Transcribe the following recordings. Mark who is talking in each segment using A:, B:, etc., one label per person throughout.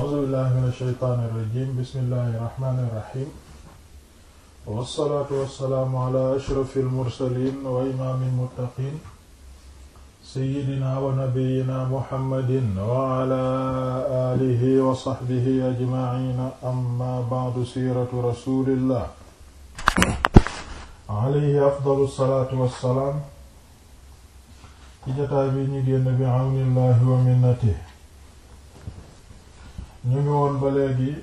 A: a'uuzu billahi mina shaytaani rajiim bismillahi rahmaani rahiim wassalaatu wassalaamu ala ashrafil mursaliin wa imaamil muttaqiin sayyidinaa wa nabiyyinaa muhammadin wa ala aalihi wa sahbihi ajma'iin amma ba'du siiratu rasuulillah alayhi afdalu salaatu wassalaam ci jotaay bi ñu génn bi awnillahi wa minnatihi ñu ngi woon ba léegi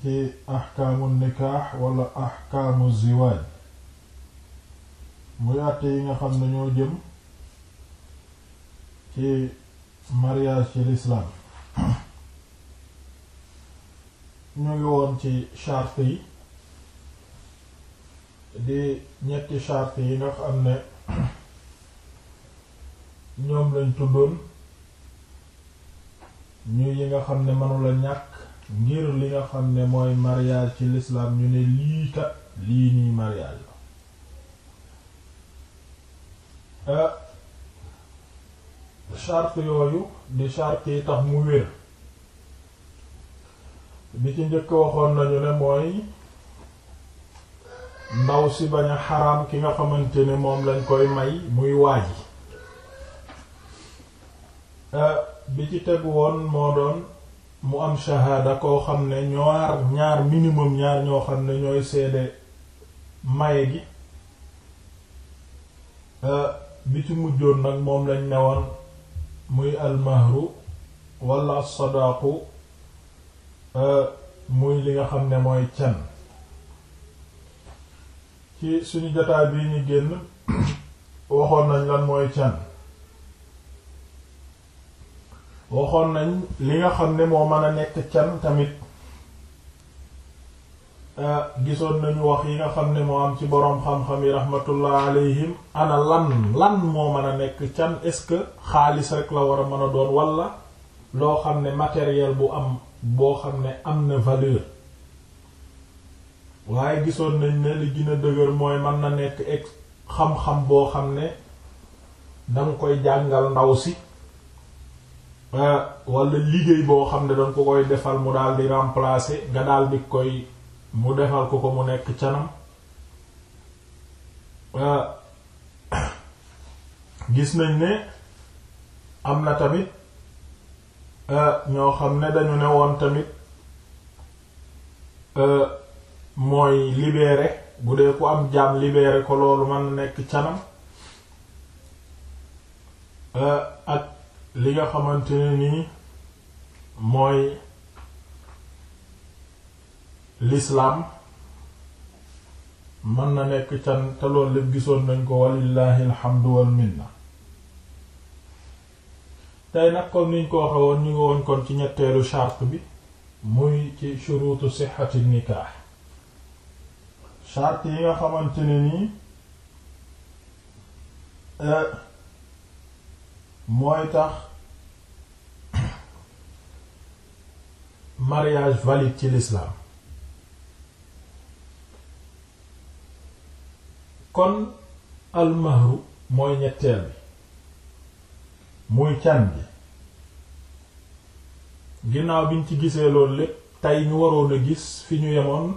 A: ci axkaamu nikaax wala axkaamu ziwaaj muy àtte yi nga xam ne ñoo jëm ci mariage ci l'islam ñu ngi woon ci charte yi di ñetti charte yi nga am ne ñoom lañ tuddoon ñu yi nga xam ne manula ñàkk ngir li nga xam ne mooy mariage ci lislaam ñu ne lii kat lii nii mariage la ah, charte yooyu di charte yi tax mu wér bi ci njëkk waxoon nañu ne mooy ndaw si bañ a xaraam ki nga xamante ni moom lañ koy may muy waaji ah, bi ci tegu woon moo doon mu am shahaada koo xam ne ñaar ñaar minimum ñaar ñoo xam ne ñooy seede maye gi euh, bi ci mujjoon nag moom lañ war muy almahru wala sadaqu euh, muy li nga xam ne mooy can ci suñu jotaay bii ñu génn waxoon nañ lan mooy can waxoon nañ li nga xam ne moo mën a nekk can tamit ah, gisoon nañu wax yi nga xam ne moo am ci boroom xam-xam yi rahmatullah alayhim ana lan lan moo mën a nekk can est-ce que xaalis rek la war a mën a doon walla loo xam ne matériel bu am boo xam ne am na valeur waaye gisoon nañ ne li gën a dëgër mooy mën na nekk ex xam-xam boo xam ne danga koy jàngal ndaw si Ah, wala liggéey boo xam ne danga ko koy defal mu daal di remplacer nga daal koy mu defal ko ko mu nekk canam ah, gis nañ ne am na tamit ah, ñoo ne dañu ne woon tamit mooy libéré bu dee ku am jaam libéré ko loolu mën na nekk canam ak li nga xamante nii mooy lislaam mën na nekk ca te lépp gisoon nañ ko walillahi alhamdu wal minna tey nag comme niñ ko waxe woon ñu ngi woon kon ci ñetteelu charte bi muy ci shurutu sixati nikah charte yi nga xamante ne nii eh, mooy tax mariage valide ci l'islam kon almahru mooy ñetteel bi muy can bi ginnaaw biñ ci gisee loolu lépp tey ñu waroon a gis fi ñu yemoon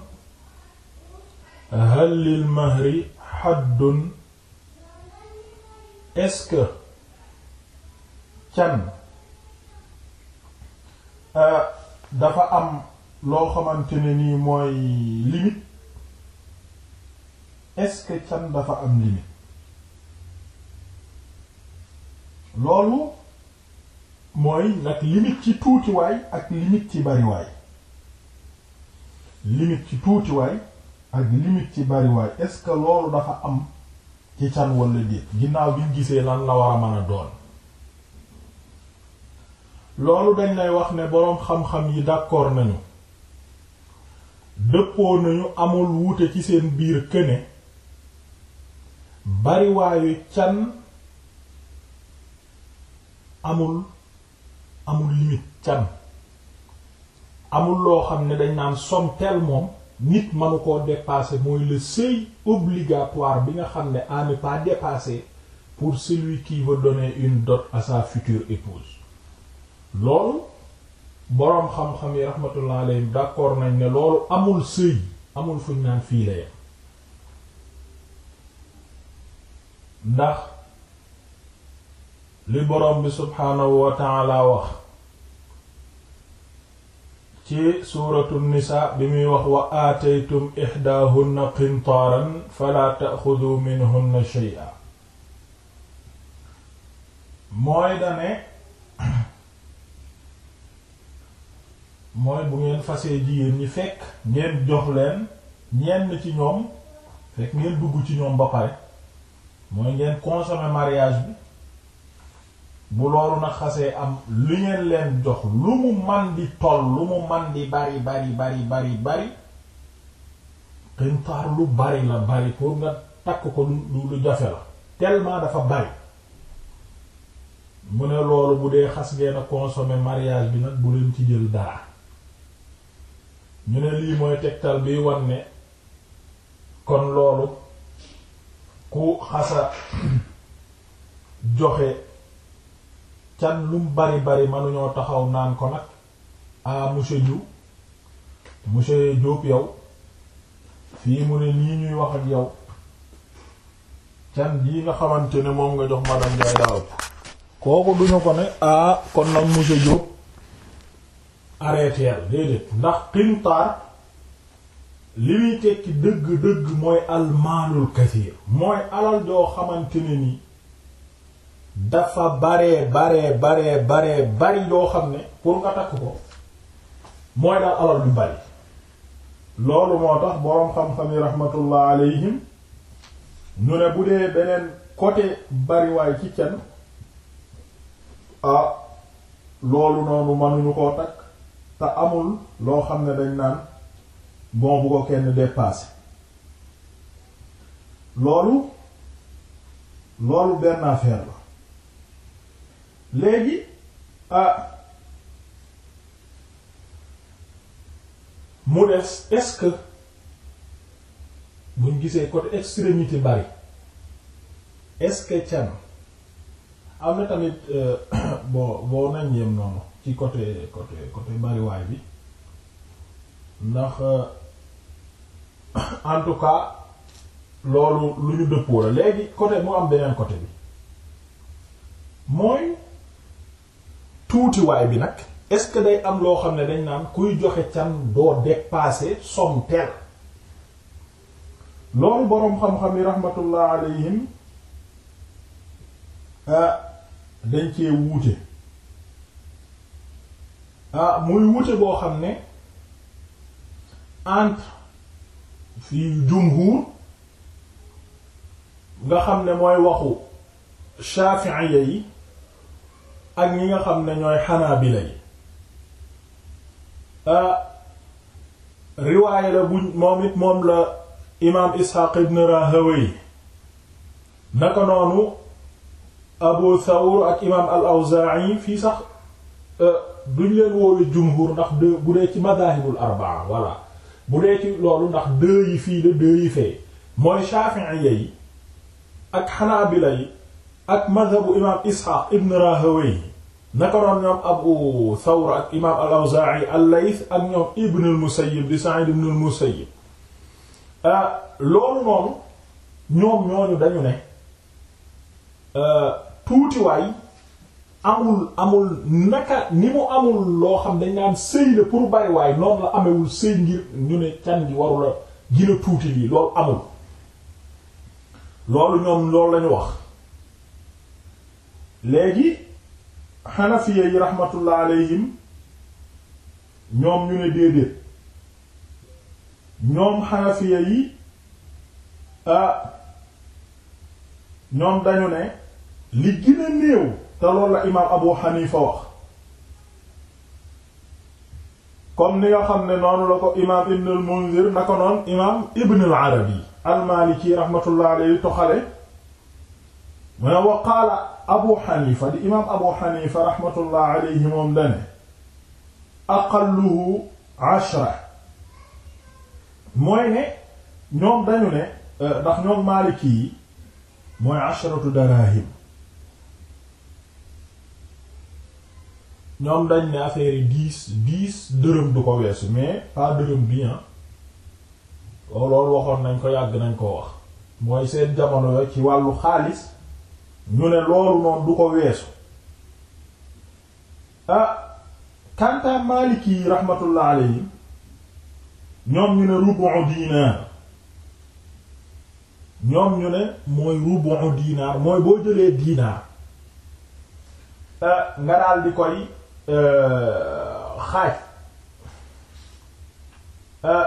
A: hal lil mahri haddun est-ce que can euh, dafa am loo xamante ne nii mooy limite est-ce que can dafa am limite loolu mooy nag limite ci tuutiwaay ak limite ci bariwaay limite ci tuutiwaay ak limite ci bariwaay est-ce que loolu dafa am ci can walla déet ginnaaw bi ñu gisee lan la war a mën a doon loolu dañ lay wax ne boroom xam-xam yi d'accord nañu dëppoo nañu amul wuute ci seen biir këne bariwaayu can amul amul limite can amul loo xam ne dañ naan somme telle moom nit mënu koo dépasser mooy le seuil obligatoire bi nga xam ne à ne pour celui qui veut donner une dot à sa future épouse loolu boroom xam-xam yi rahmatullah alayhim nañ ne loolu amul sëy amul fuñ naan fii la ndax li boroom bi subhaanahu wa wax ci suuratu nisaa bi muy wax wa aataytum ihdaahunna qintaaran falaa ta'xudu minhunna shay'a mooy dane mooy bu ngeen fasee jigéen ñi fekk ngeen jox leen ñenn ci ñoom fekk ngeen dugg ci ñoom ba pare mooy ngeen consommer mariage bi bu loolu nag xasee am li ngeen leen jox lu mu man di toll lu mu man di bari bari bari bari bari xintaar lu bari la bari pour nga takk ko lu lu jafe la tellement dafa bari mu ne loolu bu dee xas ngeen a consommer mariage bi nag bu leen ci jël dara ñu ne lii mooy tegtal biy wan ne kon loolu ku xasa joxe can lum bari bari mënuñoo taxaw naan ko nag a monsieur Diouf monsieur yow fii mu ne nii ñuy wax ak yow can jii nga xamante ne moom nga jox madame Ndiaye daaw kooku duñu ko ne a kon nag monsieur arrêter déedéet ndax qintaar li muy tekki dëgg-dëgg mooy almaalul kasiir mooy alal joo xamante ne ni dafa baree baree baree bari yoo xam ne pour nga takk ko mooy daal alal yu bari loolu moo tax boroom xam-xam yi rahmatullah alayhim ñu ne bu dee beneen côté bariwaay ci can ah, loolu noonu mënuñu koo takk te amul loo xam ne dañ naan bon bu ko kenn dépassé loolu loolu benn affaire la léegi ah mu des est-ce buñ gisee côté extrémité bari est-ce que can am na tamit euh, bon boo nañ noonu ci côté côté côté bariwaay bi ndax euh, en tout cas loolu lu ñu dëppoo la léegi côté moo am beneen côté bi mooy tuutiwaay bi nag est-ce que day am loo xam ne dañ naan kuy joxe can doo dépasser somme telle loolu boroom xam-xam yi rahmatullah alayhim euh, dañ cee wuute ah muy wute boo xam ne entre fi jumhur nga xam ne mooy waxu shafi'iyya yi ak ñi nga xam ne ñooy xanaabila yi ah, riwaaya la buñ moom it moom la imaam isxaaq ibn rahawey naka noonu abu thawr ak imaam al awzaa'i fii sax Euh, duñ leen woowe jumhur ndax deux bu dee ci madahibul arbaa voilà bu dee ci loolu ndax deux fii la deux mooy shafi'iyya yi ak xanaabila yi ak madhabu imam isxaaq ibn rahawayh naka ñoom abu thawr ak al-awzaa'i al-layth ak ñoom ibn al-musayyib di sa'id ibn al-musayyib euh, loolu noonu ñoom ñooñu dañu ne euh, tuutiwaay amul amul naka ni mu amul loo xam dañ naan sëy la pour bari waay noonu la amewul sëy ngir ñu ne can gi warula gën tuuti lii loolu amul loolu ñoom loolu lañu wax léegi xanafiya yi rahmatullah alayhim ñoom ñu ne déedéet ñoom xanafiya yi ah ñoom dañu ne li gën néew te loolu imaam Abu Hanifa wax comme ni nga ne noonu la imaam Ibn al na ko imaam Ibn al-Arabi al-Maliki rahmatullah alayhi Abu Hanifa di imaam Abu Hanifa rahmatullah alayhi mooy ne ñoom dañu ne eh, ndax ñoom Maliki mooy ashratu darahim ñoom dañ ne affaire yi dix dërëm du ko weesu mais pas dërëm bi ah loolu waxoon nañ ko yàgg nañ ko wax mooy seen jamono yo ci wàllu xaalis ñu ne loolu noonu du ko weesu ah kanta yi rahmatullah alayhi ñoom ñu ne rubu dinar ñoom ñu ne mooy rubu dinar mooy boo jëlee dinar ah, nga daal di koy Euh, xaaj euh,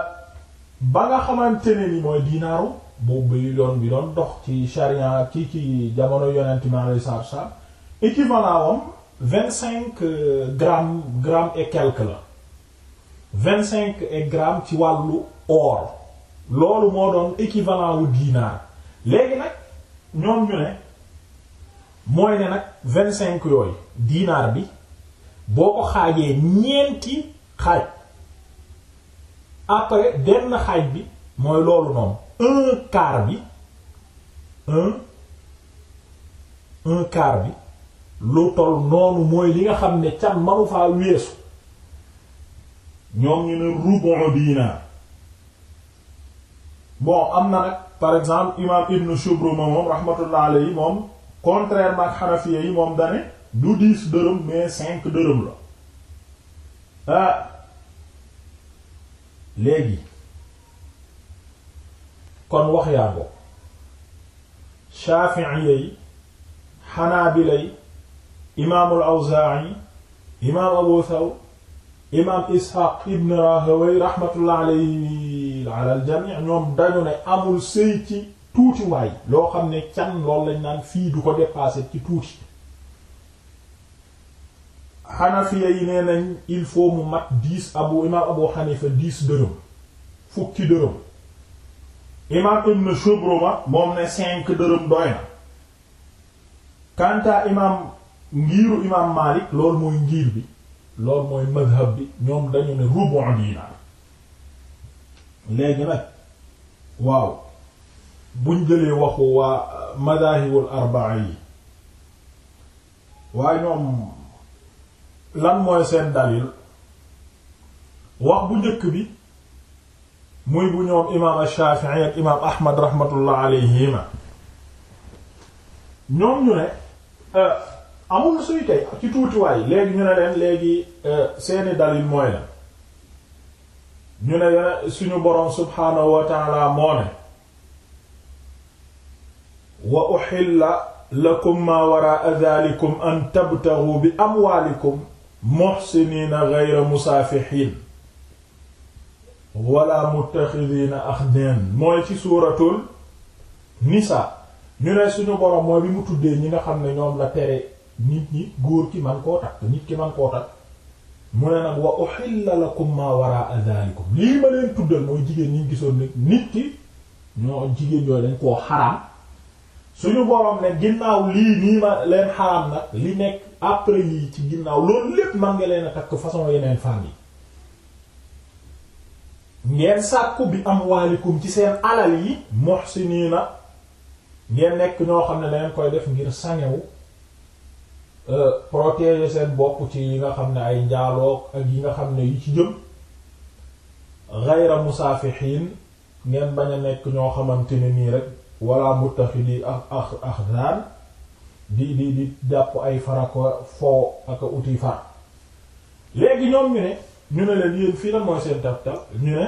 A: ba nga xamante ne ni mooy dinaaru boobu bi yoon bi doon dox ci charia kii ci jamono yonent mi alayhi salaatu salaam équivalent am vingt cinq euh, grammes grammes et la vingt cinq et grammes ci wàllu or loolu moo doon équivalent wu dinaar léegi nag ñoom ñu ne mooy ne nag vingt cinq yooyu dinaar bi boo ko xaajee ñeenti xaaj après benn xaaj bi mooy loolu noonu un quart bi un un bi lu toll noonu mooy li nga xam ne ca manu faa weesu ñoom ñu ne rubu diinaar bon am na nag par exemple imam Ibn Shubruma moom rahmatullah alayhi moom contrairement ak Hanafiya yi moom dane du dix dërëm mais cinq dërëm la ah léegi kon wax yaa ngo Shafi'iyyi Hanaabilay imaamul Awzaa'i imaam Abu Thawr imaam Isxaaq ibn Rahawayh rahmatullah alayhi ala al-jamii ñoom dañu ne amul sëy ci tuuti waay loo xam ne can loolu lañ naan fii du ko dépasser ci tuuti xanafiya yi nee il faut mu mat dix abu imaam abu xanifa dix dërëm fukki dërëm imaam ibn Shubruma moom ne cinq dërëm doy na kanta imaam ngiiru imaam Maalik loolu mooy ngiir bi loolu mooy madhab bi ñoom dañu ne rubu dinaar léegi nag waaw buñ jëlee waxu waa uh, madahibul arbaa yi waaye ñoom lan mooy seen dalil wax bu njëkk bi muy bu ñoom imaam Ash-Shafi'i imaam Ahmad rahmatullah alayhima ñoom ñu ne eh, amul suy kay ci tuutiwaay léegi ñu ne leen léegi eh, seeni dalil mooy la ñu ne suñu boroom subhaanahu wa moo ne wa uhilla lakum ma wara'a dhalikum an tabtaghu bi amwalikum muhsiniina ghayra musaafihiin wala muttaxidiina axdeen mooy ci suuratul nisaa ñu ne suñu borom mooy bi mu tuddee ñi nga xam ne ñoom la tere nit ñi góor ki man koo takk nit ki man koo takk mu ne nag wa uhilla lakum maa waraa daalikum lii ma leen tuddal mooy jigéen ñi gisoon nit nit ki jigéen yooyu dañ koo xaram suñu boroom ne ginnaaw lii nii ma leen xaram nag li nekk après yii ci ginnaaw loolu lépp man leen a takk façon yeneen femme yi ngeen sàkku bi am waalikum ci seen alal yi muhsinina ngeen nekk ñoo xam ne dangeen koy def ngir sangewu protéger seen bopp ci yi nga xam ne ay njaaloog ak yi nga xam ne yi ci jëm ghayra musaafihiin ngeen bañ a nekk ñoo xamante ne nii rek wala muttaxidi ak ak ak daan di di di jàpp ay farako foo ak uti far léegi ñoom ñu ne ñu ne leen yéen fii lan mooy seen tab-tab ñu ne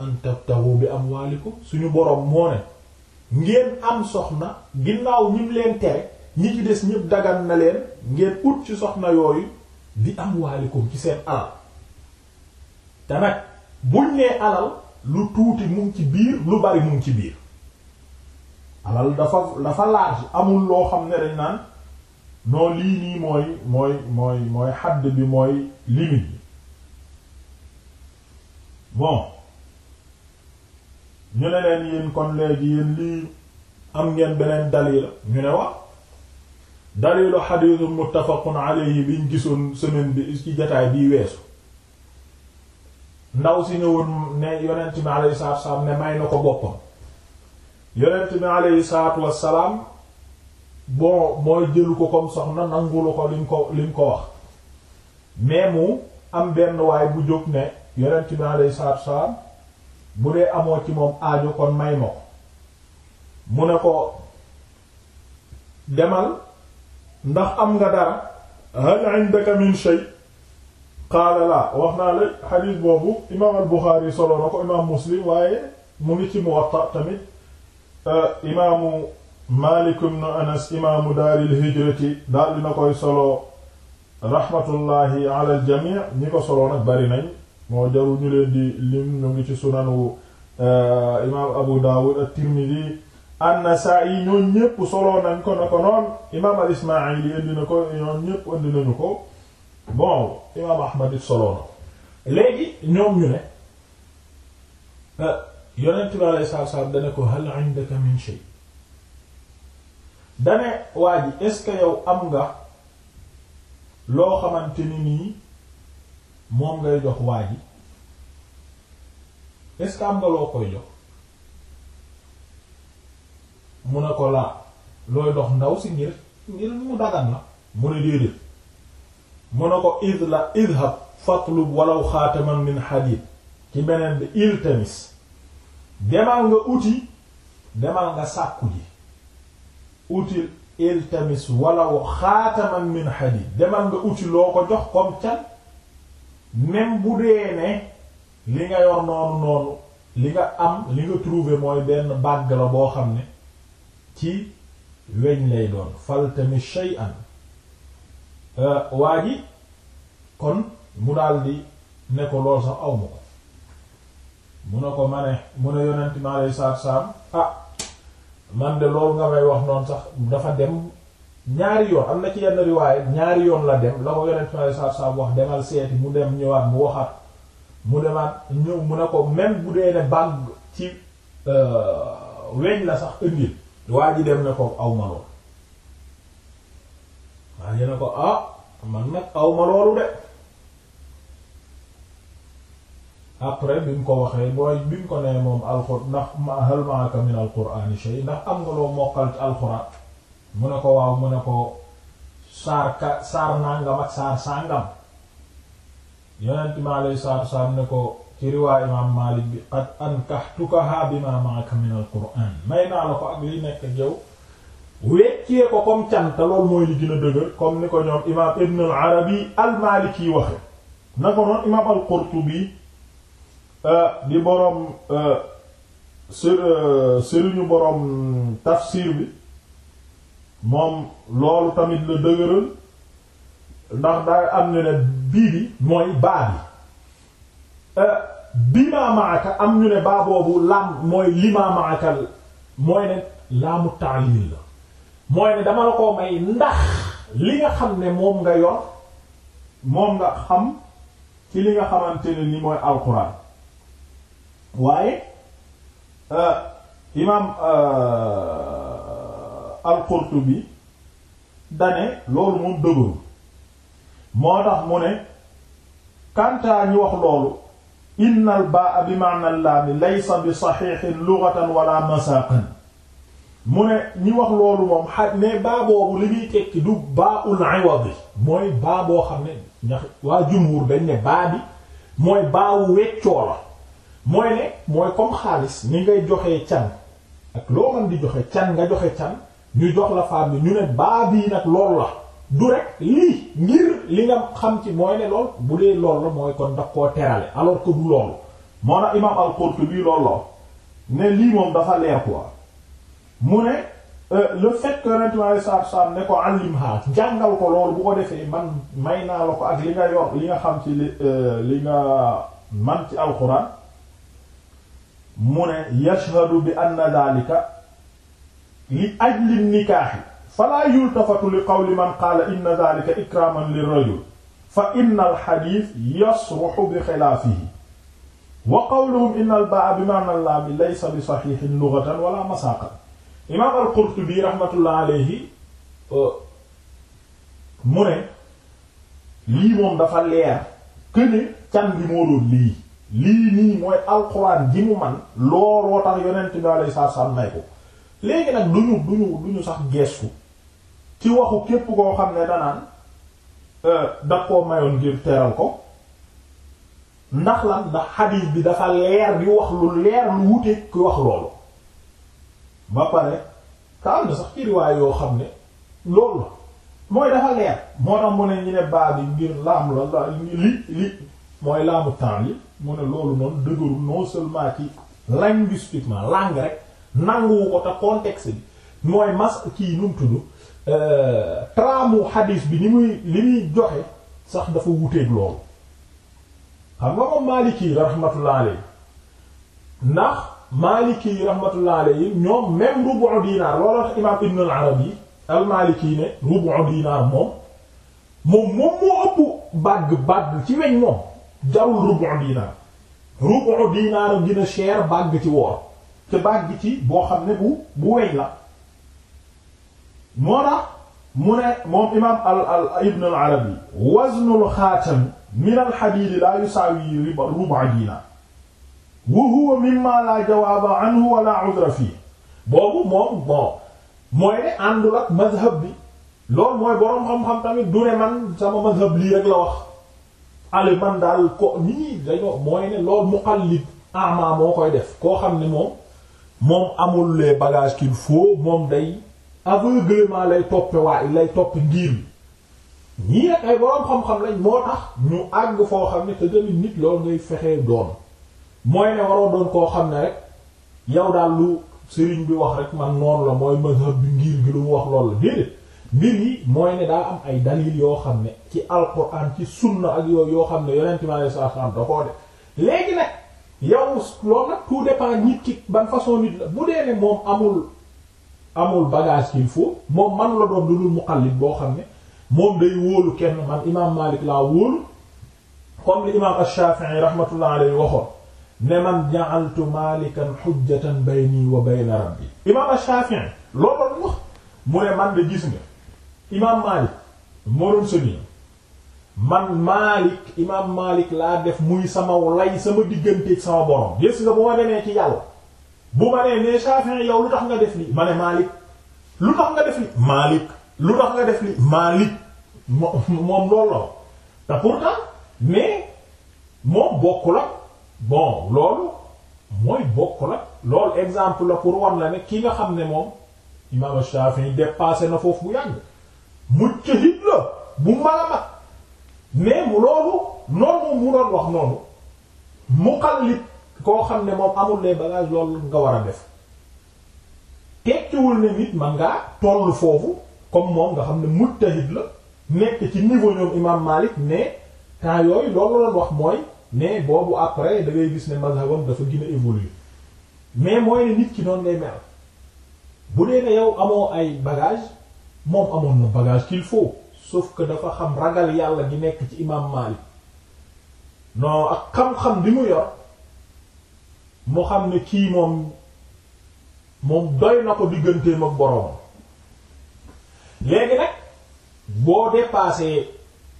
A: an tabtahu bi amwaalikum suñu boroom moo ne ngeen am soxna ginnaaw ñim leen tere ñi ci des ñëpp dagan na leen ngeen ut ci soxna yooyu bi amwaalikum ci seen alal te nag buñ nee alal lu tuuti mu ci biir lu bari mu ngi ci biir alal dafa dafa large amul loo xam ne dañ naan non lii nii mooy mooy mooy xadd bi mooy limite bi bon ñu ne leen yéen kon léegi yéen lii am ngeen beneen dalil ñu ne wax dalilu xadiisu muttafaqun alayhi biñ gisoon semaine bi ci jataay bii weesu ndaw si ñëwoon ne yonent bi alayhi salaatu wa ne may na ko boppam yonent bi aleyhi salaatu wassalaam bon mooy jëlu ko comme soxna nangulu ko liñ ko liñ ko wax mais mu am benn waay bu jóg ne yonent bi aleyhi salaatu wassalaam bu dee amoo ci moom aajo kon may ma mu ne ko demal ndax am nga dara hal indaka min shay qaala wax naa la xadiis boobu imaam al Buxaari solo na ko imaam Muslim waaye mu ngi ci Muwatta tamit imaamu Maalik ibn Anas imaamu daaril hijrati daal dina koy solo rahmatullahi ala jamii ñi ko solo nag bari nañ moo jaru ñu leen di lim ñu ngi sunan eh, imaam Abu Daawud at-Tirmidhi an-Nasaa'i ñoom ñépp solo nañ ko na ko noon imaam al-Ismaa'ili indi na ko ñoom ñépp nañu ko bon imaam Ahmad it solo na léegi ñoom ñu ne eh, yonent bi alayhi salaatu salaam dana ko hal indaka min shay dane waa ji est yow am nga loo xamante ni nii moom ngay jox waa ji est am nga loo koy jox mu ne ko laa looy dox ndaw si ngir ngir mu dagan la mu ne déedéet mu ne ko id la idhab fatlub walaw xaataman min hadid ci beneen bi iltamis demal nga uti demal nga sàkku ji uti iltamis walaw xaataman min hadid demal nga uti loo ko jox comme can même bu dee ne li nga yor noonu noonu li nga am li nga trouver mooy benn bàgg la boo xam ne ci weñ lay doon faltamis shay'an euh, waa ji kon mu daldi ne ko lool sax awma ko mu ne ko ma ne mu ne yonent mi alayhi ah man de loolu nga may wax noonu sax dafa dem ñaari yoon am na ci yenn riwaaye ñaari yoon la dem la ko yonent mi alayhi salaatu wax demal seeti mu dem ñëwaat mu waxaat mu demaat ñëw mu ne ko même bu dee ne bàgg ci euh, weñ la sax ëndil waa ji dem ne ko awma ma lool waa ne ko ah man nag aw loolu de après bi mu ko waxee mooy bi mu ko nee moom alxur ndax hal ma'aka min alqur'ani shay ndax am nga loo mokkal ci alxuraan mu ne ko waaw mu ne ko saar ka saar nàngam ak saar ko ci riwaay imaam Maalik bi qad ankahtukaha naa la ak liy nekk ak yow li gën a imaam Ibn al-Arabi al-Maliki waxe na ko noonu imaam al-Qurtubi Euh, di boroom euh, euh, sëriñu boroom tafsir bi moom loolu tamit la dëgëral ndax day am ñu ne bii bi mooy baa bi bi am ñu ne baa boobu laam mooy li mooy ne laamu ta'lil la mooy ne dama la koo may ndax li nga xam ne moom nga yor moom nga xam ci li nga xamante ne ni mooy alxuraan waaye euh, imaam euh, al-Qurtubi dane loolu moom dëgëru moo tax mu ne kantaa ñu wax loolu innal baa bi maana laami laysa bi saxiixin lughatan wala masaaqan mu ne ñi wax loolu moom ne baa boobu li muy tekki du baa ul iwadi mooy baa boo xam ne waa jumhur dañ ne baa bi mooy baawu weccoo la mooy ne mooy comme xaalis ni ngay joxe can ak loo mën di joxe can nga joxe can ñu jox la faam bi ñu ne baa bii nag loolu la du rek lii ngir li nga xam ci mooy ne lool bu dee lool la mooy kon daf ko terale alors que du loolu moo na imam al-Qurtubi loolu la ne lii moom dafa leer quoi mu ne euh, le fekk que rentimali saab-saab ne ko allimha jàngal ko loolu bu ko defee man may naa la ko ak li nga yor li nga xam ci li euh, nga man ci alxuraan mu ne yashhadu bi anna daalika li ajli nikaaxi falaa yultafatu li qawli man qaala inna daalika ikraaman lirajul fa inna alxadiis yasruxu bi xilaafihi wa qawluhum inna albaa bi maana laa bi laysa bi saxiixin lughatan wala masaaqan imaam al-Qurtubi raxmatullahi alayhi uh, mu ne lii moom dafa leer këne can bi moo doon lii lii nii mooy alxuraan ji mu man looloo tax yonent bi alayhi salaatu salaam ko léegi nag duñu duñu duñu sax geestu ci waxu képp koo xam ne danaan euh, da koo mayoon ngir teral ko ndax la ndax xadiis bi dafa leer di wax lu leer lu wuteeg ki wax loolu ba pare ka am sax ci yoo xam ne loolu la mooy dafa leer moo tax mu ne ñu ne baa bi ngir laam la li li mooy laamu temps yi mu ne loolu noonu dëgëru non seulement ci linguistiquement langue rek nanguwu ko te contexte bi mooy mas kii nu mu euh, traamu hadis bi ni muy li muy joxe sax dafa wuteeg loolu xam nga moom Maliki rahmatullah alayhi ndax Maliki rahmatullah ñoom même rubu dinaar looloo imaam Ibn al-Arabi ne rubu dinaar moom moom moom moo ëpp bàgg bàgg ci weñ moom. jarul rubu dinaar rubu dinaar a gën a cher bàgg ci woor te bàgg ci boo xam ne bu bu weñ la moo tax mu ne moom imaam al al ibn al arabi waznul xaatam min al xadiid laa yusaawi riba rubu dinaar wa huwa mimma laa jawaaba anhu wa laa udra fii boobu moom bon mooy ne àndul ak mazhab bi loolu mooy boroom xam-xam tamit du ne man sama mazhab lii rek la wax ale man daal ko nii dañoo mooy ne xal muqallid ama moo koy def koo xam ne moom moom amul les bagages qu'il faut moom day aveuglement lay toppe waa lay topp ngir ñii nag ay boroom xam-xam lañ moo tax ñu àgg foo xam ne te tamit nit loolu ngay fexee doon mooy ne waroo doon koo xam ne rek yow daal lu sëriñ bi wax rek man noonu la mooy mazhab bi ngir gi lu mu wax lool la déedéet mbir yi mooy ne daa am ay dalil yoo xam ne ci alquran ci sunna ak yooyu yoo xam ne yonent mi alayhi salaatu salaam da koo def nit ki bu dee ne moom amul amul bagage qu'il faut moom man la doon dudul muqallid boo xam ne moom day wóolu kenn man imaam Maalik laa wóolu comme li imaam Ash-Shafi'i rahmatullah alayhi ne man ja'altu Maalikan hujjatan bayni wa bayna rabbi imaam Ash-Shafi'i loolu la wax mu ne man de gis nga imaam Maalik moo doon sëniam man Maalik imaam Maalik laa def muy sama lay sama digganteeg sama borom gis nga bu ma demee ci yàlla bu ma nee ne Shafi'i yow lu tax nga def nii ma ne Maalik lu tax nga def li Maalik lu tax nga def li Maalik moom loolu la te pourtant mais moom bokku la bon loolu mooy bokk la loolu exemple la pour wan la ne ki nga xam ne moom imaam Shafi'i dépassé na foofu bu yàgg mujtahid la bu mala mag mais mu loolu noonu moom mu doon wax noonu muqallid koo xam ne moom amul les bagages loolu nga war a def tekkiwul ne nit man ngaa toll foofu comme moom nga xam ne mujtahid la nekk ci niveau ñoom Malik mais temps yooyu loolu doon wax mooy mais boobu après da ngay gis ne mazhabam dafa gën a mais mooy ne nit ki noonu ngay mel bu dee ne yow amoo ay bagages moom amoon na bagage qu'il faut sauf que dafa xam ragal yàlla gi nekk ci imam Malik non ak xam-xam bi mu yor mu xam ne kii moom moom doy na ko digganteem ak boroom léegi nag boo dépassé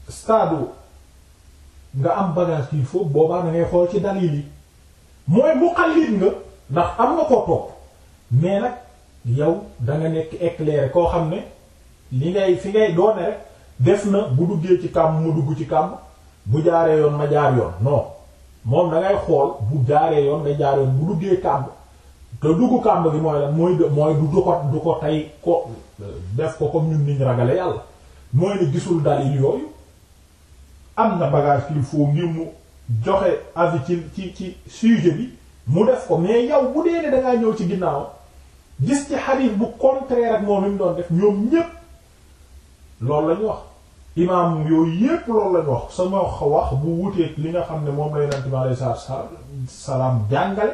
A: stade nga am bagage qu'il faut boobaa na ngay xool ci dalil yi mooy mu xallit nga ndax am na ko topp mais nag yow danga nekk éclairé koo xam ne li ngay fi ngay doone rek def na bu duggee ci kàmm mu dugg ci kàmm bu jaaree yoon ma jaar yoon non moom da xool bu jaaree yoon nga jaar yoon bu duggee kàmm te dugg kàmm gi mooy lan du ko du ko ko def ko comme ñun niñ ragale yàlla mooy ne gisul dalil yooyu am na bagage qu'il faut ngir mu joxe avis ci ci ci sujet bi mu def ko mais yow bu dee ne da ñëw ci ginnaaw gis ci hadith bu contraire ak moom li mu doon def ñoom ñépp loolu lañu wax imaam yooyu yépp loolu lañu wax sama wax bu wuteeg li nga xam ne moom la yonent bi alayhi salaatu salaam jàngale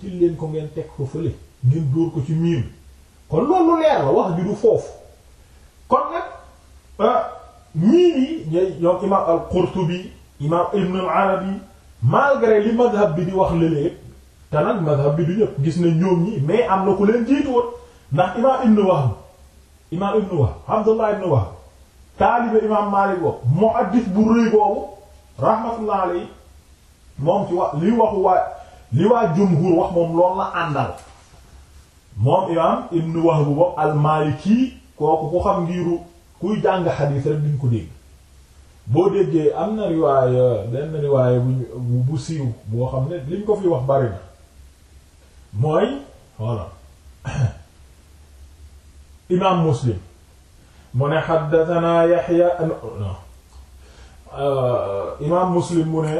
A: jël leen ko ngeen teg ko fële ngeen dóor ko ci miir kon loolu leer la wax ju du foofu kon nag euh, ñii nii ñooy ñoom imaam al-Qurtubi imaam Ibn arabi malgré li madhab bi di wax léeg-léeg te nag madhab bi du ñëpp gis na ñoom ñi mais am na ku leen jiitu ndax imaam Ibn Wahb imaam ibnu Wahb Abdullah taalibe imaam Maalik boobu muhaddis bu rëy boobu rahmatullah alayhi moom ci wax li waxu waa li waa jumhur wax moom loolu la àndal moom imaam ibnu Wahb boobu al kooku ku xam ngiru kuy jàng xadiis rek ko dégg boo déggee am na riwaaya benn riwaaya bu siiw boo xam ne liñ ko fi wax bari mooy voilà imaam muslim mu ne xaddatanaa yaxya euh, imaam muslim mu ne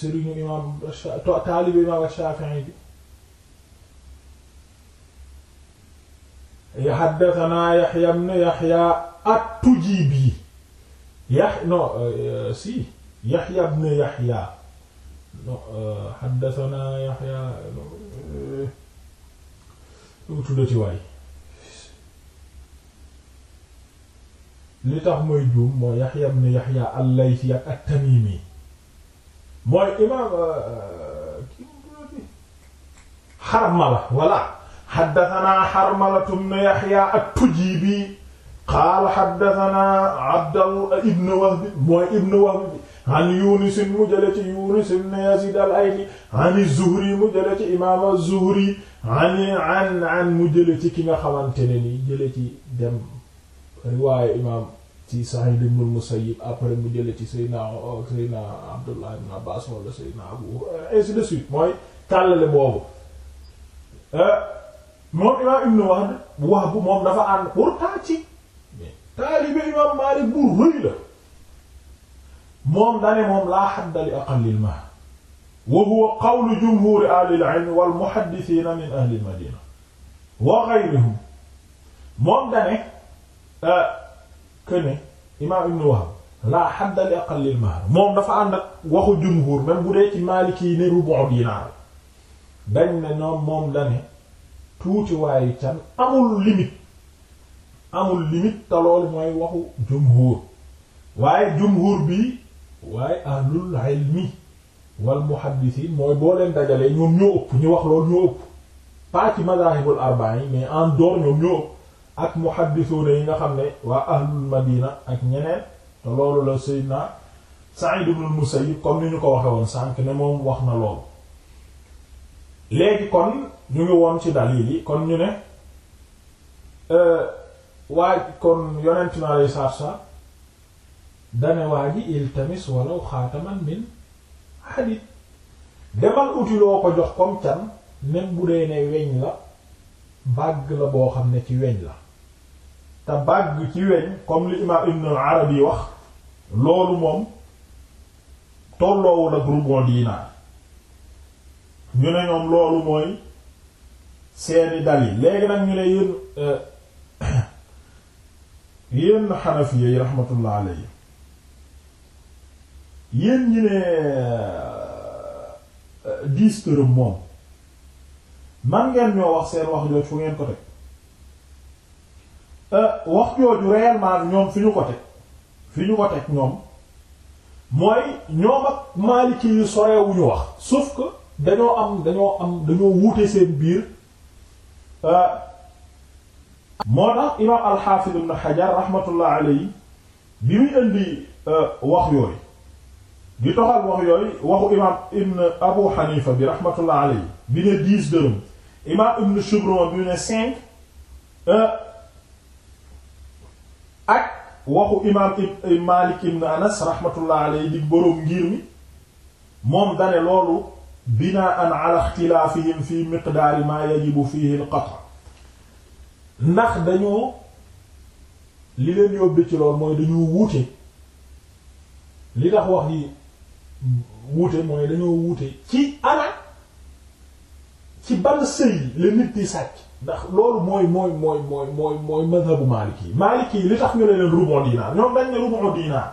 A: sëriñu imaam taalibe imaam Shaafi'i bi xaddatanaa yaxya ibn yaxya at-Tujiibi yax non euh, si yaxya ibn yaxya non xaddatanaa euh, yaxya lu tuddati waay li tax mooy juum mooy Yaxya ibn Yaxya al-Laythi ak at-Tamimi mooy imaam Harmala euh, walla haddasanaa Harmala ibn Yaxya at-Tujibi qaala haddasanaa Abdallah ibn Wahb mooy ibn Wahb an Yunus mu jële ci Yunus ibn Yazid al-Ayli an Zuhri mu jële ci imaam Zuhri an an an mu jële ci ki nga xamante ne ni jële ci dem riwaaye imaam ci Sa'id ibn al-Musayyib après mu jële ci Seydina Seydina Abdullah ibn Abbas wala Seydina Abu ainsi de suite mooy tàllale boobu euh, moom dafa ànd pourtant ci taalibe imaam Maalik bu rëy la moom dane moom laa xadda li aqallil mahr wa huwa qawlu jumhuuri ahlil ilm wal muhaddisiina min ahlil madina wa gayrihum moom dane euh, këne imaam ibnu wahb laa xadda li aqallil mahr moom dafa ànd ak waxu jumhuur même bu dee ci maaliki yi ne rubu dinaar dañ ne ñoom moom dane tuuti waaye can amul limite amul limite te loolu mooy waxu jumhuur waaye jumhuur bi waaye ahlul ilmi wal muhaddisiin mooy boo leen dajalee ñoom ñu ëpp ñu wax loolu ñoo ëpp pas ci madahibul arba'a mais en dehors ñoom ñoo ëpp ak muhaddisuuna yi nga xam ne waa ahlul madina ak ñeneen te loolu la sayyidina Sa'id ibn al-Musayyib comme ni ñu ko waxee woon sànq ne moom wax na loolu léegi kon ñu ngi woon ci dalil yi kon ñu ne euh, waaj kon yonent na lay saar saar dane waa ji iltamis walaw xaataman min demal uti loo ko jox comme can même bu dee ne weñ la bàgg la boo xam ne ci weñ la te bàgg ci weñ comme li imaam Ibn al wax loolu moom tolloowul ak rubon diinaar ñu ne ñoom loolu mooy seeni dalil léegi nag ñu ne yéen euh, yéen xanafi yi rahmatullah alayhi yéen ñi ne euh, euh, dix dërëm moom man ngeen ñoo wax seen wax jooj fu ngeen ko teg euh, wax jooju réellement ñoom fi ñu ko teg fi ñu ko teg ñoom mooy ñoom ak maaliki yu sorewuñu wax sauf ko dañoo am dañoo am dañoo wuute seen biir moo tax imaam alxaafid ibn bi muy indi wax yooyu di toxal wax yooyu waxu imaam ibn abu xanifa bi rahmatullah alayhi bi ne dix dërëm imaam ibn Shubron bi ne cinq euh, ak waxu imaam Malik ibn Anas rahmatullah alayhi di boroom ngir mi moom dane loolu binaan ala ixtilaafihim fi miqdaari maa yajibu fihi al-qat' dañoo li leen yóbbe ci lool mooy dañoo wuute li tax wax yi wuute mooy dañoo wuute ci ana ci ban sëy la nit di sàcc ndax loolu mooy mooy mooy mooy mooy mooy mazhabu Maliki yi Maliki yi li tax ñu ne leen rubu diinaar ñoom dañ ne rubu diinaar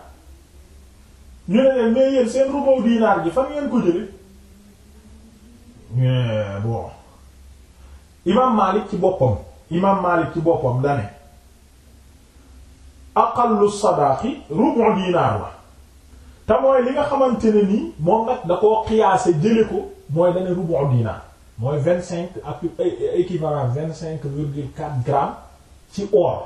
A: ñu ne leen mais yéen seen rubu diinaar fan ngeen ko jële mais bon imaam Malik ci boppam imaam Malik ci boppam dane aqallu sadaqi rubu diinaar la te mooy li nga xamante ne nii moom nag da koo xiyaase jële ko mooy dane rubu dinaar mooy vingt cinq ak équivalent vingt cinq virgule quatre grammes ci or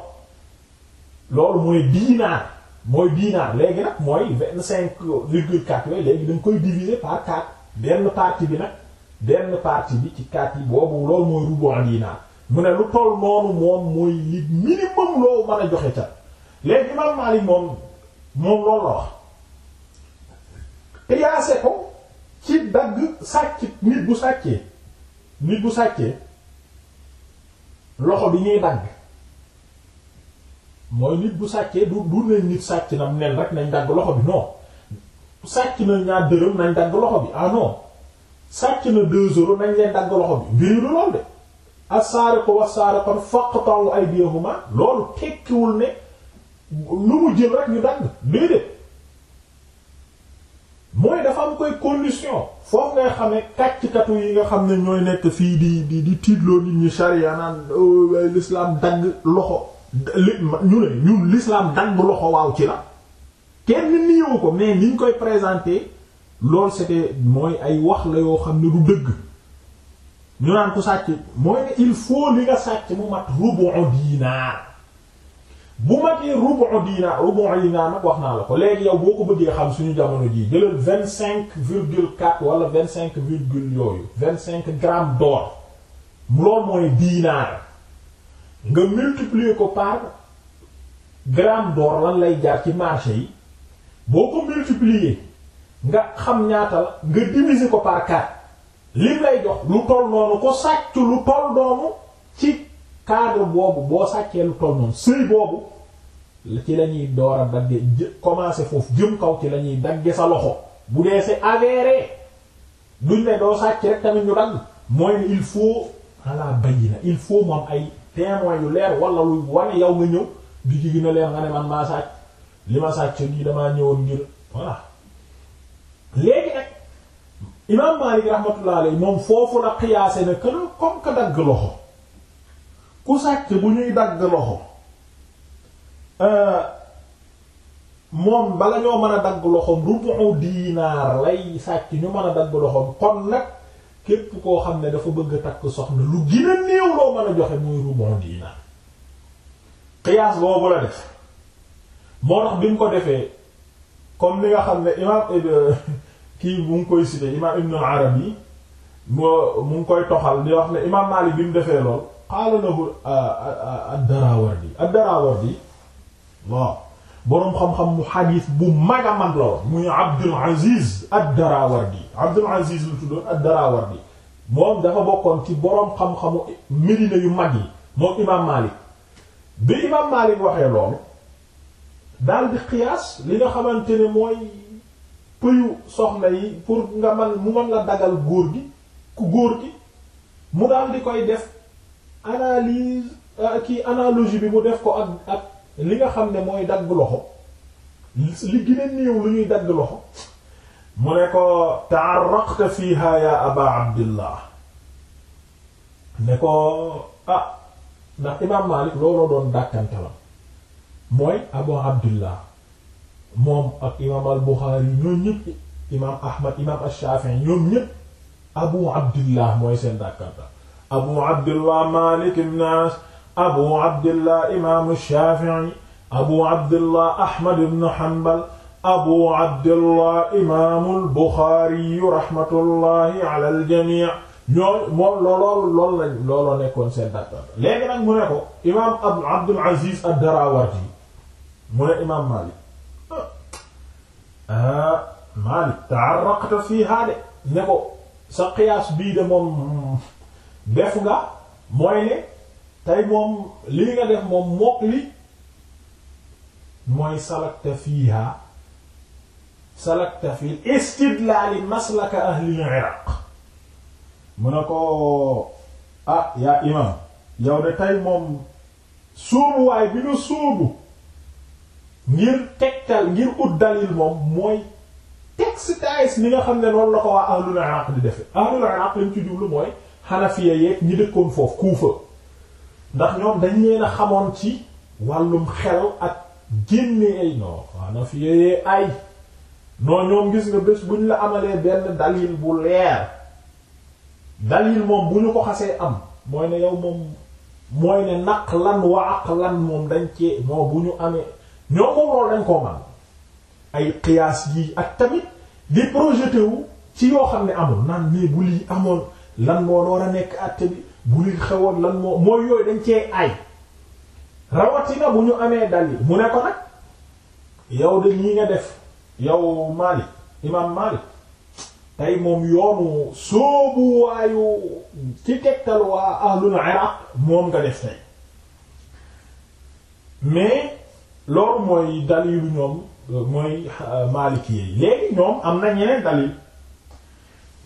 A: loolu mooy dinaar mooy dinaar léegi nag mooy vingt cinq virgule quatre yooyu léegi dañ koy diviser par quatre benn partie bi nag benn partie bi ci quatre boobu loolu mooy rubu dinaar mu ne lu toll noonu moom mooy li minimum loo mën a joxe ca léegi Imaam Maalik moom moom loolu la qiyaase ko ci dagg sàcc nit bu sàccee nit bu sàccee loxo bi ñuy dagg mooy nit bu sàccee du du nañ nit sàcc na mu nel rek nañ dagg loxo bi non sàcc na ñaar dërëm nañ dagg loxo bi ah non sàcc na deux euros nañ leen dagg loxo bi mbiri du lool de as loolu tekkiwul ne lu mu jël rek ñu dagg déedéet mooy dafa am koy condition foofu ngay xamee kàcckatu yi nga xam ne ñooy nekk fii di di di tiitloo nit ñi sharia naan oh, l'islam dagg loxo ñu ne ñun l'islam dagg loxo waaw ci la kenn niiwu ko mais niñ koy présenté loolu c'était mooy ay wax la yoo xam ne du dëgg ñu naan ko sàcc mooy ne il faut li nga sàcc mu mat rubu dinaar bu matee rubu diinaar rubu diinaar nag wax naa la ko léegi yow boo ko bëggee xam suñu jamono jii jëlal vingt cinq virgule quatre wala vingt cinq virgule yooyu vingt cinq grammes d'or loolu mooy diinaar nga multiplier ko par gramme d'or lan lay jaar ci marché yi boo ko multiplier nga xam ñaata la nga diviser ko par quatre lim lay jox lu toll noonu ko sàcc lu toll noonu ci cadre boobu boo sàccee lu toll noonu sëy boobu ci lañuy ñuy door a dagge commencer foofu jëm kaw ci lañuy ñuy dagge sa loxo bu dee c'est avéré duñ ne doo sàcc rek tamit ñu dagg mooy ne il faut ala bayi na il faut moom ay témoins yu leer wala lu wane yow nga ñëw di ci gën leer nga ne man maa li ma sàcc lii damaa ñëwoon ngir voilà léegi nag imam Maalik rahmatullah alayhi moom foofu la qiyaase na kën comme que dagg loxo ku sàcc bu ñuy dagg loxo euh, moom bala ñoo mën a dagg loxoom rubu diinaar lay sàcc ñu mën a dagg loxoom kon nag képp koo xam ne dafa bëgg a takk soxna lu gën néew loo mën a joxe muy rubu diinaar qiyaas boobu la def moo tax bi mu ko defee kon li nga xam ne imaam kii mu ngi koy cité imaam Ibn Arabi yi mu ngi koy toxal di wax ne imaam Maalik bi mu defee lool qaala lahu ad-Darawardi ad-Darawardi waaw boroom xam-xam mu xadiis bu mag a mag la woon muy Abdul Aziz ad-Darawardi Abdul Aziz lu tuddoon ad-Darawardi moom dafa bokkoon ci boroom xam-xamu Medina yu mag yi moom imaam Maalik bi imaam Maalik waxee loolu daal di qiyaas li nga xamante ne mooy pëyu soxna yi pour nga man mu mën la dagal góor gi ku góor gi mu daal di koy def analyse euh, kii analogie bi mu def ko ak ak li nga xam ne mooy dagg loxo li gën néew lu ñuy dagg loxo mu ne ko taaraqta fiha ya aba abdillah ne ko ah ndax imam Malik looloo doon dàkkantalam mooy abu abdillah moom ak imam al Bukhari ñoom ñëpp imam Ahmad al Shafi'i ñoom ñëpp abu abdillah mooy seen dàkkantal abu abdullah malik ibn anas abu abdullah imaamu shaafi'i abu abdullah ahmad ibn hanbal abu abdullah imaamul buxaari rahmatullahi alal jamii ñoom moom looloo lool lañ looloo nekkoon seen dàttal léegi nag mu ne ko imaam ab Abdul Aziz ad-Darawardi mu ne imaam Maalik ah Maalik ta'arraqta fii haade ne ko sa qiyaas bii de moom def nga mooy ne tey moom lii nga def moom mook li mooy salakta fiiha salakta fi istidlaali maslaka ahlil iraq mun na ko ah yaa imam yow de tey moom sóobu waaye bi nga sóobu ngir tegtal ngir ut dalil moom mooy texte ni nga xam ne noonu la ko waa ahlul iraq di defe ahlul iraq lañ ci jublu mooy xanafiya yi ñu dëkkoon foofu kuufa ndax ñoom dañ leen xamoon ci wàllum xel ak génnee ay non xanafiya yee ay non ñoom gis nga bés buñ la amalee benn dalil bu leer dalil moom bu ko xasee am mooy ne yow moom mooy ne naqlan wa aqlan moom dañ cee moo bu ñu amee ñoo ko lool dañ koo man ay qiyaas yi ak tamit di projeté wu ci yoo xam ne amul naan nii bu amoon lan moo door a nekk àtte bi bu li xewoon lan moo mooy yooyu dañ cee ay rawatina bu ñu amee dal yi mu ne ko nag yow de lii nga def yow Malik imam Malik tey moom yoonu soobu waayu ci tegtal waa ahlul iraq moom nga def tey mais loolu mooy dalilu ñoom mooy Maliki yi léegi ñoom am na ñeneen dalil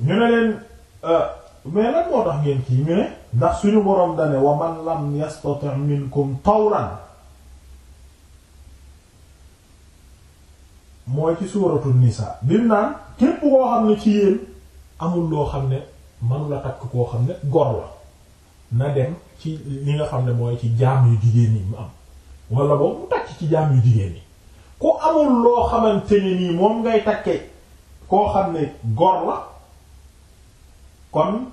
A: ñu ne leen euh, mais lan moo tax ngeen kii ñu ne ndax suñu boroom dane wa man lam yastati minkum tawlan mooy ci suuratu nisaa bim naan képp koo xam ne ci yéen amul loo xam ne la takk koo xam ne gor la na dem ci li nga xam ne mooy ci jaam yu jigéen yi mu am wala boobu mu takk ci jaam yu jigéen yi ku amul loo xamante ne nii moom ngay takke koo xam ne gor la kon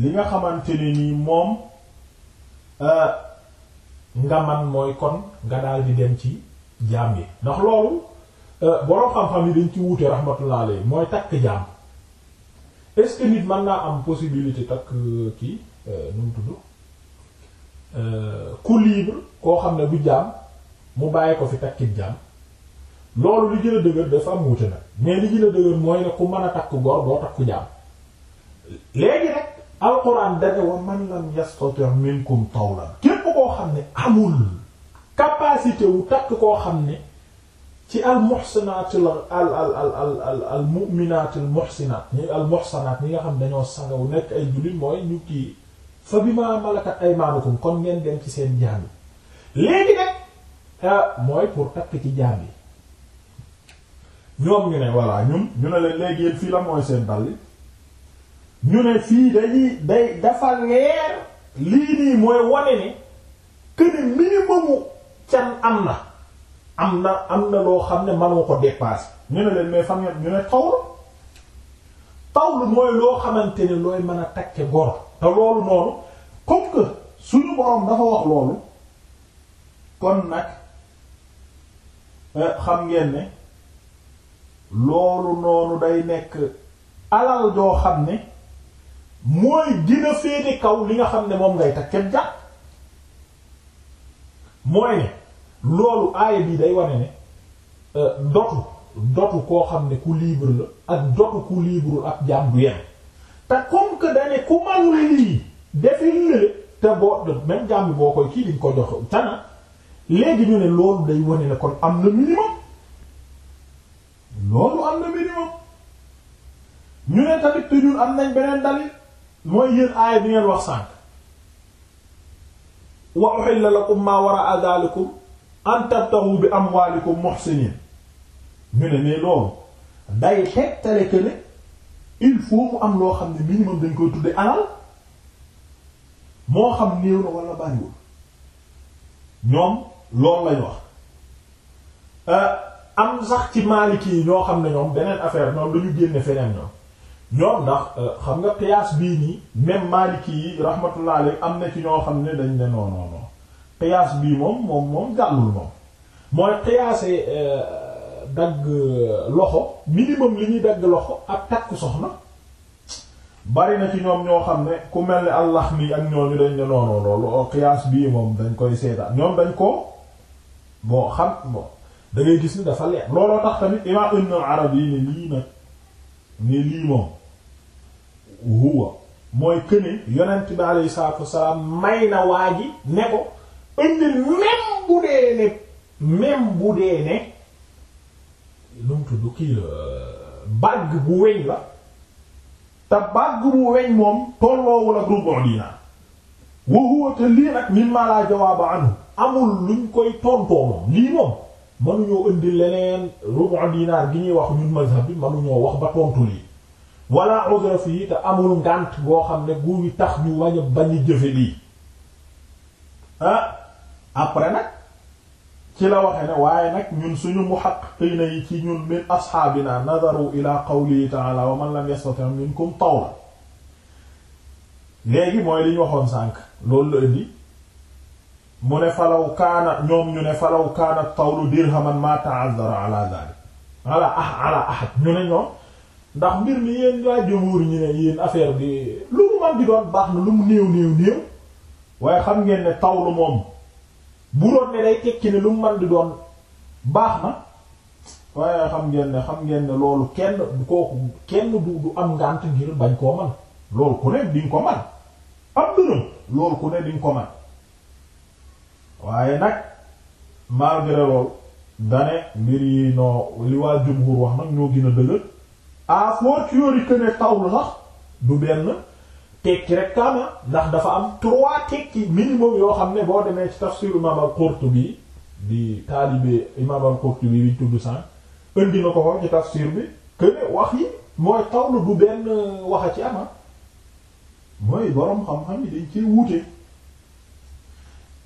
A: li nga xamante ni moom euh, nga man mooy kon nga daal di dem ci jaam yi ndax loolu euh, boroom xam-xam yi dañ ci wuute rahmatullah mooy takk jaam est-ce que nit mën naa am possibilité takk euh, kii nu mu tudd ku libre koo xam ne du jaam mu bàyyi ko fi takkit jaam loolu li gën a dëgër dafa am wuute nag mais li gën a dëgër mooy ku mën a takk góor doo takku jaam léegi nag alquran daje wa man lam yastati minkum tawlan képp koo xam ne amul capacité wu takk koo xam ne ci al muhsinaat al al al al al al mu'minaat al muhsinaat ñi al muhsinaat ñi nga xam dañoo sangawu nekk ay jullit mooy ñu kii fa bima malakat aymaanukum kon ngeen dem ci seen jaam yi léegi nag ah, mooy pour takk ci jaam yi ñoom ñu ne voilà ñun ñu ne leen léegi yéen fii la mooy seen dal ñu ne fii dañuy day dafa leer lii nii mooy wane ne këne minimumu can am na am na am na loo xam ne mënoo ko dépasser ñu ne leen mais fan ñu ne tawlu tawlu mooy loo xamante ne looy mën a takke goro te loolu noonu comme que suñu borom dafa wax loolu kon nag eh, xam ngeen ne loolu noonu day nekk alal joo xam ne mooy dina féete kaw li nga xam ne moom ngay takk jàpp mooy ne loolu aaya bi day wane ne euh, dotu dotu koo xam ne ku libre la ak dotu ku libre ak jaam du yem te comme que dane ku manul lii defi léegi ñu ne loolu day wone ne kon am na minimum loolu am na minimum ñu ne tamit te ñun am nañ beneen dalil mooy yéen aaya bi ngeen wax sànk wa uhilla lakum ma wara'a dhalikum an tabtahu bi amwalikum muhsinin ñu ne ne loolu day tegtale que il faut mu am loo xam ne minimum dañ koy tudde alal moo xam néew na wala bariwul ñoom loolu lañ wax euh, am sax ci maaliki yi ñoo xam ne ñoom beneen affaire ñoom dañu génne feneen ñoom ñoom ndax euh, xam nga qiyaas bii nii même Maliki yi rahmatullah alayhi am na ci ñoo xam ne dañ ne non non qiyaas bii moom moom moom jàllul moom mooy qiyaase euh, dagg euh, loxo minimum li ñuy dagg loxo ak takk soxna bari na ci ñoom ñoo xam ne ku mel ne Allah mi ak ñooñu dañ ne non non loolu qiyaas bii moom dañ koy seetaan ñoom dañ ko bon xam bon da gis ni dafa leer looloo tax tamit Imaam Ibn Arabi yi ne lii moom. huwa mooy këne yonent bi alayhi salaatu wassalaam may na waa gi ne ko indil même bu dee ne même bu dee ne lu mu tudd kii bàgg bu weñ la te bàgg bu weñ moom tolloowul ak rubu diinaar wa huwa te lii nag mimma laa jawaaba anhu amul luñ koy tontoo moom lii moom mënuñoo indi leneen rubu diinaar gi ñuy wax ñun mazhab bi mënuñoo wax ba tontu lii wala udra fii te amul ngànt boo xam ne guubi tax ñu wañ a bañ jëfe lii ah, ci la waxe ne waaye nag ñun suñu muhaqqiqiina yi ci ñun min asxaabina nadaru ila qawlihi ta'ala wa man la indi mu ne falaw kaana ñoom ñu ne falaw kaana tawlu dirhaman ma ta'azzara ala zalik ahad ñu ne ndax mbir mi yéen waa jumhuur ñu ne yéen affaire bi lu mu man di doon baax na lu mu néew néew néew waaye xam ngeen ne tawlu moom bu doon ne day tekki ne lu mu man di doon baax na waaye xam ngeen ne xam ngeen ne loolu kenn du kooku kenn du am ngànt ngir bañ koo man loolu ku ne diñ ko man am dërëm loolu ku ne diñ ko man waaye nag malgré loolu dane mbir yi noo li waa jumhuur wax nag ñoo gën a dëgër à fortiori que ne tawlu sax du benn tekki rek kaana ndax dafa am trois tekki minimum yoo xam ne boo demee ci tafsir imam al-Qurtubi di taalibe imam al-Qurtubi bi tudd sànq indi na ko ci tafsir bi que wax yi mooy tawlu du benn wax a ci ama mooy boroom xam-xam yi dañ ci wuute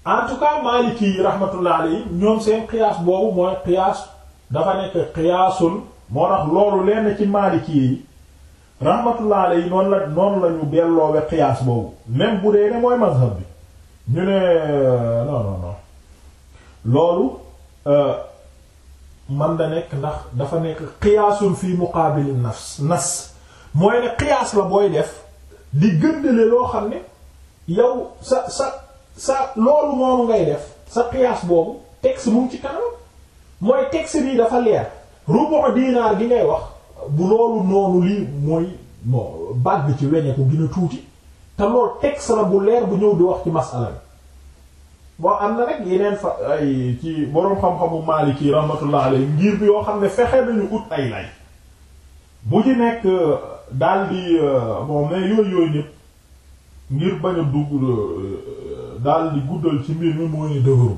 A: en tout cas Maliki rahmatullah ñoom seen qiyaas boobu mooy qiyaas dafa nekk qiyaasul moo tax loolu lenn ci maaliki yi rahmatullah alayhi noonu la noonu la ñu delloowe qiyaas boobu même bu dee ne mooy mazhab bi ne non euh, man da nekk ndax dafa nekk qiyaasun fii muqaabili nafs nas mooy ne qiyaas la booy def di gëndale loo xam ne yow sa sa sa loolu noonu ngay def sa qiyaas boobu texte mu ngi ci kanam mooy texte bi dafa leer rubu dinaar gi ngay wax bu loolu noonu lii mooy moo bag bi ci weñe ko gën tuuti te loolu texte bu leer bu ñëw di wax ci masala bi boo am na rek yeneen fa ay ci boroom xam-xamu Maliki rahmatullah alayhi ngir bi yoo xam ne fexe nañu ut ay lay bu ci nekk euh, dal di euh, moom ne yooyu yooyu ñëpp ngir bañ a dugg euh, daal di guddal ci mbir mi mooy dëgëru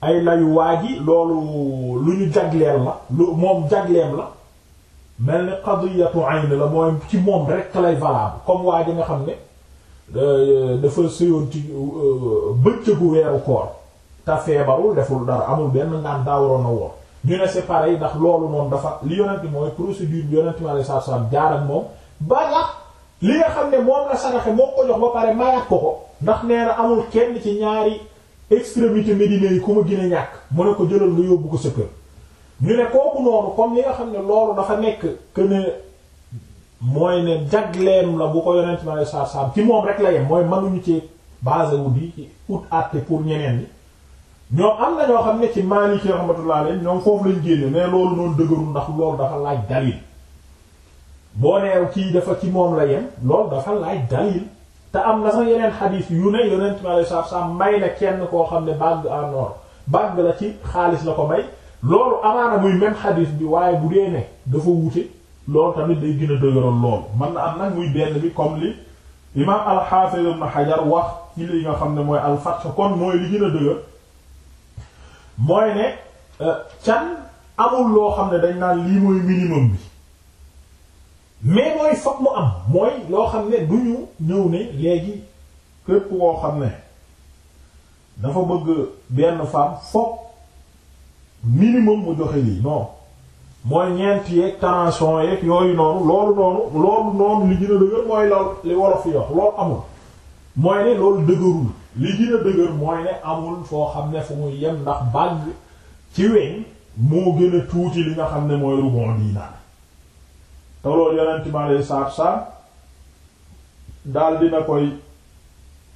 A: ay layu waa ji loolu lu ñu jagleel la lu moom jagleem la mel ni qadiyatu ayn la mooy ci moom rek lay valable comme waa ji nga xam ne euh, dafa sëyoon ci euh, bëccëgu weeru koor te feebarul deful dara amul benn ngaan daa waroon a woor ñu ne c'est pareil ndax loolu noonu dafa li yonent mooy procédure bi yonent mi alayhi salaatu salaam jaar moom ba li nga xam ne moom la saraxe moo ko jox ba pare mayaat ko ko ndax nee na amul kenn ci ñaari extrémité médina yi ku ma gën a ñàkk mu ne ko jëlal nga yóbbu ko sa kër ñu ne kooku noonu comme li nga xam ne loolu dafa nekk que ne mooy ne jagleem la bu ko yonent ma sa saam ci moom rek la yem mooy mënuñu ci base wu di ut àtte pour ñeneen ñi ñoom am na ñoo xam ne ci ci rahmatullah alayhi ñoom foofu lañ génne mais loolu noonu dëgërul ndax loolu dafa laaj dalil boo neew kii dafa ci moom la yem loolu dafa laaj dalil te am na sax yeneen xadiis yu ne yonent sa alayhi salaatu may na kenn koo xam ne bague en or bague la ci xaalis la ko may loolu amaana muy même xadiis bi waaye bu dee ne dafa wute loolu tamit day gën a dëgëral loolu mën na am nag muy benn bi comme li imaam al-Hafiz ibn Hajar wax ci li nga xam ne mooy al-Fath kon mooy li gën a dëgër mooy ne euh, can amul loo xam ne dañ naan lii mooy minimum bi mais mooy foog mu am mooy loo xam ne du ñu ñëw ne léegi képp koo xam ne dafa bëgg benn femme foog minimum mu joxe lii non mooy ñeent yeeg tension yeeg yooyu noonu loolu noonu loolu noonu li gën dëgër mooy lool li wolof yi wax loolu amul mooy ne loolu dëgërul li gën a dëgër mooy ne amul foo xam ne fu muy yem ndax bàgg ci weñ moo gën a tuuti li nga xam ne mooy ruban diinaan te loolu yonent mi alayhi salaatu salaam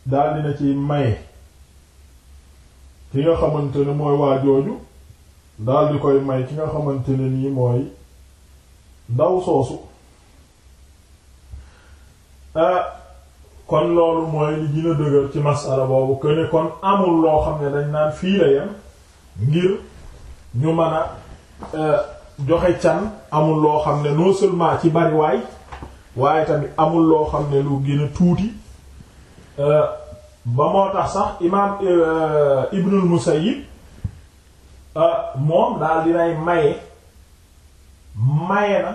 A: daal ci maye ki nga xamante ne mooy waa jooju daal di koy may ki nga xamante ne mooy ndaw soosu ah, kon loolu mooy li gën dëgër ci masala boobu que kon amul loo xam ne dañ naan fii la yem ngir ñu mën a eh, joxe can amul loo xam ne non seulement ci bariwaay waaye tamit amul loo xam ne lu gën a tuuti euh, ba moo tax sax imaam euh, Ibnul Musayyib euh, moom daal dinay maye maye na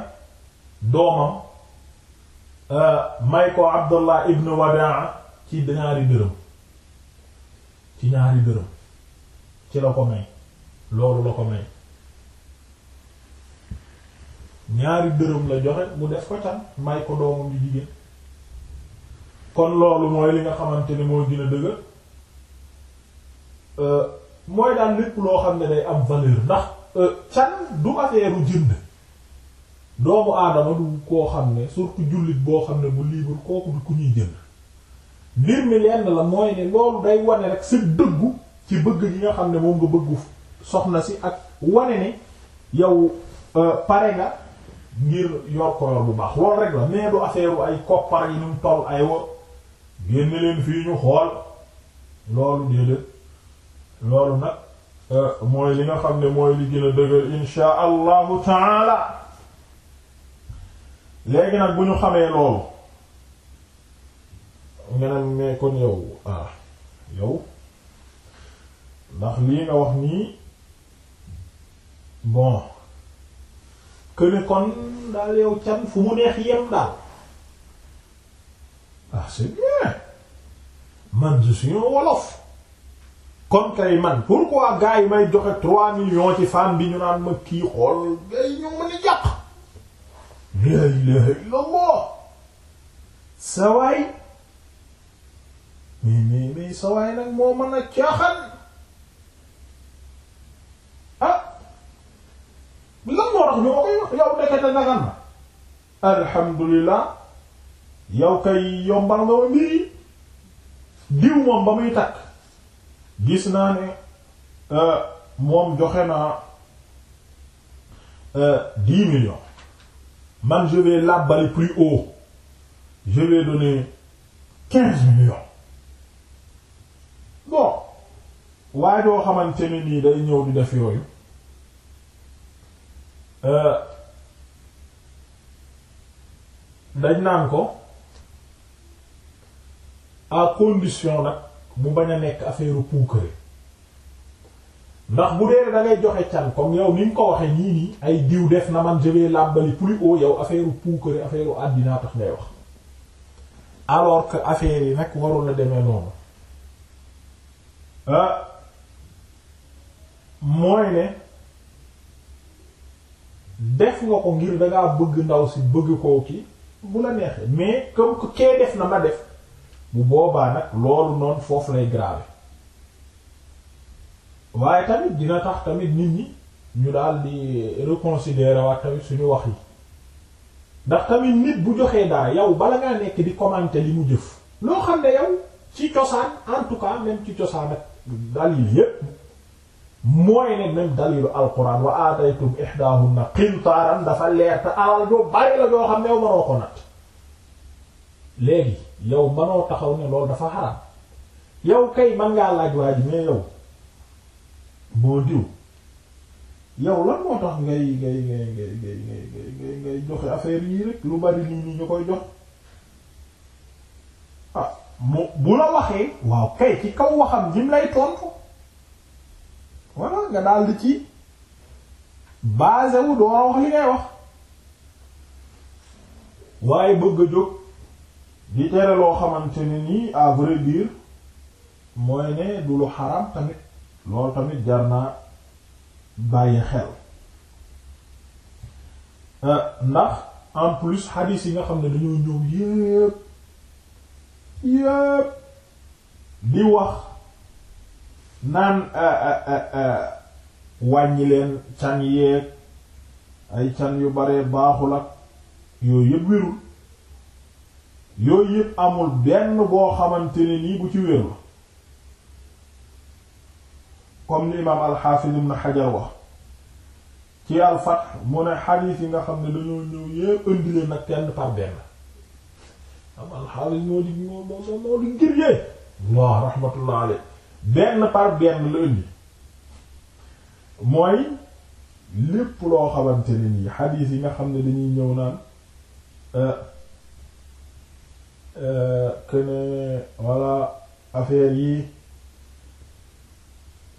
A: doomam may ko Abdullah Ibn Wadaa ci ñaari dërëm ci ñaari dërëm ci la ko may loolu la ko may ñaari dërëm la joxe mu def ko tan may ko doomam lu jigéen kon loolu mooy li nga xamante ni mooy gën a dëgër euh, mooy daal lépp loo xam ne day am valeur ndax euh, can du affaire u jënd doomu aadama du koo xam ne surtout jullit boo xam ne bu libre kooku du ku ñuy jënd mbir mi lenn la mooy ne loolu day wane rek sa dëggu ci bëgg gi nga xam ne moom nga bëggu soxna si ak wane ne yow euh, pare nga ngir yor ko bu baax loolu rek la nee du affaire ay koppar yi num toll ay wo génn leen fii ñu xool loolu déedéet loolu nag euh, mooy li nga xam ne mooy li gën a dëgër insha allahu taala léegi nag bu ñu xamee loolu nga ne kon yow ah yow ndax lii nga wax nii bon ne kon daal yow can fu mu neex yem daal ah c'est bien man je suis un wolof kon kay man pourquoi gars yi may joxe trois millions ci femme bi ñu naan ma kii xool gay ñu mën a jàq la ilaha illallah sawaay mais mais mais sawaay nag moo mën a caaxaan lan moo tax ñu ma koy wax yow nekkate nagan na kay yombal nga wa mbiri diw moom ba muy takk gis naa ne euh, moom joxe naa euh, dix millions man je vais plus haut je vais quinze millions bon waaye doo xamante ne nii day ñëw di def yooyu Euh, dañ naan ko à condition nag mu bañ a nekk affaire puukare ndax bu dee da joxe can comme yow ni nga ko waxee nii nii ay diw def na man jëlee làbbali plus haut yow affaire puukare affaire àddinaa tax ngay wax alors que affaire yi nag warul la demee noonu euh, mooy ne. def nga ko ngir dangaa bëgg ndaw si bëgg koo kii bu la neexee mais comme que kee def na ma def mu boobaa nag loolu noonu foofu lay grave waaye tamit dina tax tamit nit ñi ñu daal di reconsidérer waat tamit suñu wax yi ndax tamit nit bu joxee dara yow bala ngaa nekk di commenter li mu jëf loo xam ne yow ci cosaan en tout cas même ci cosaan ak dal yi yépp mooy ne même dalilu alquran wa aataytum ihdaahunna qintaaran dafa leer te alal joo bari la joo xam ne yow mënoo ko nat léegi yow mënoo taxaw ne loolu dafa xaraam yow kay man ngaa laaj waa ji mais yow diw yow lan moo tax ngay ngay ngay ngay ngay ngay ngay joxe affaire yii rek lu bari nii ñu koy jox ah mu bu la waxee waaw kay ci kaw waxam jim lay tontu. voilà nga daal di ci basé wu doo wax li ngay wax waaye bëgg a jóg di tere loo xamante ne nii à vrai dire mooy ne du lu xaram tamit loolu tamit jar naa bàyyi xel euh, ndax en plus hadith yi nga xam ne dañoo ñëw yépp yépp di wax. naan ah, ah, ah, wàññi leen can yeeg ay can yu bare baaxul ak yooyu yëpp wérul yooyu yëpp amul benn boo xamante ne nii bu ci wér comme ni imaam alxaafis ibn xajar wax ci alfath mu ne xadiis yi nga xam ne dañoo ñëw yëpp indi nag kenn par benn am alxaafis moo di moo moo moo di ngir yee waaw raxmatullah alayhi benn par benn la indi mooy lépp loo xamante ne nii yi nga xam ne dañuy ñëw naan euh, euh, que ne voilà yi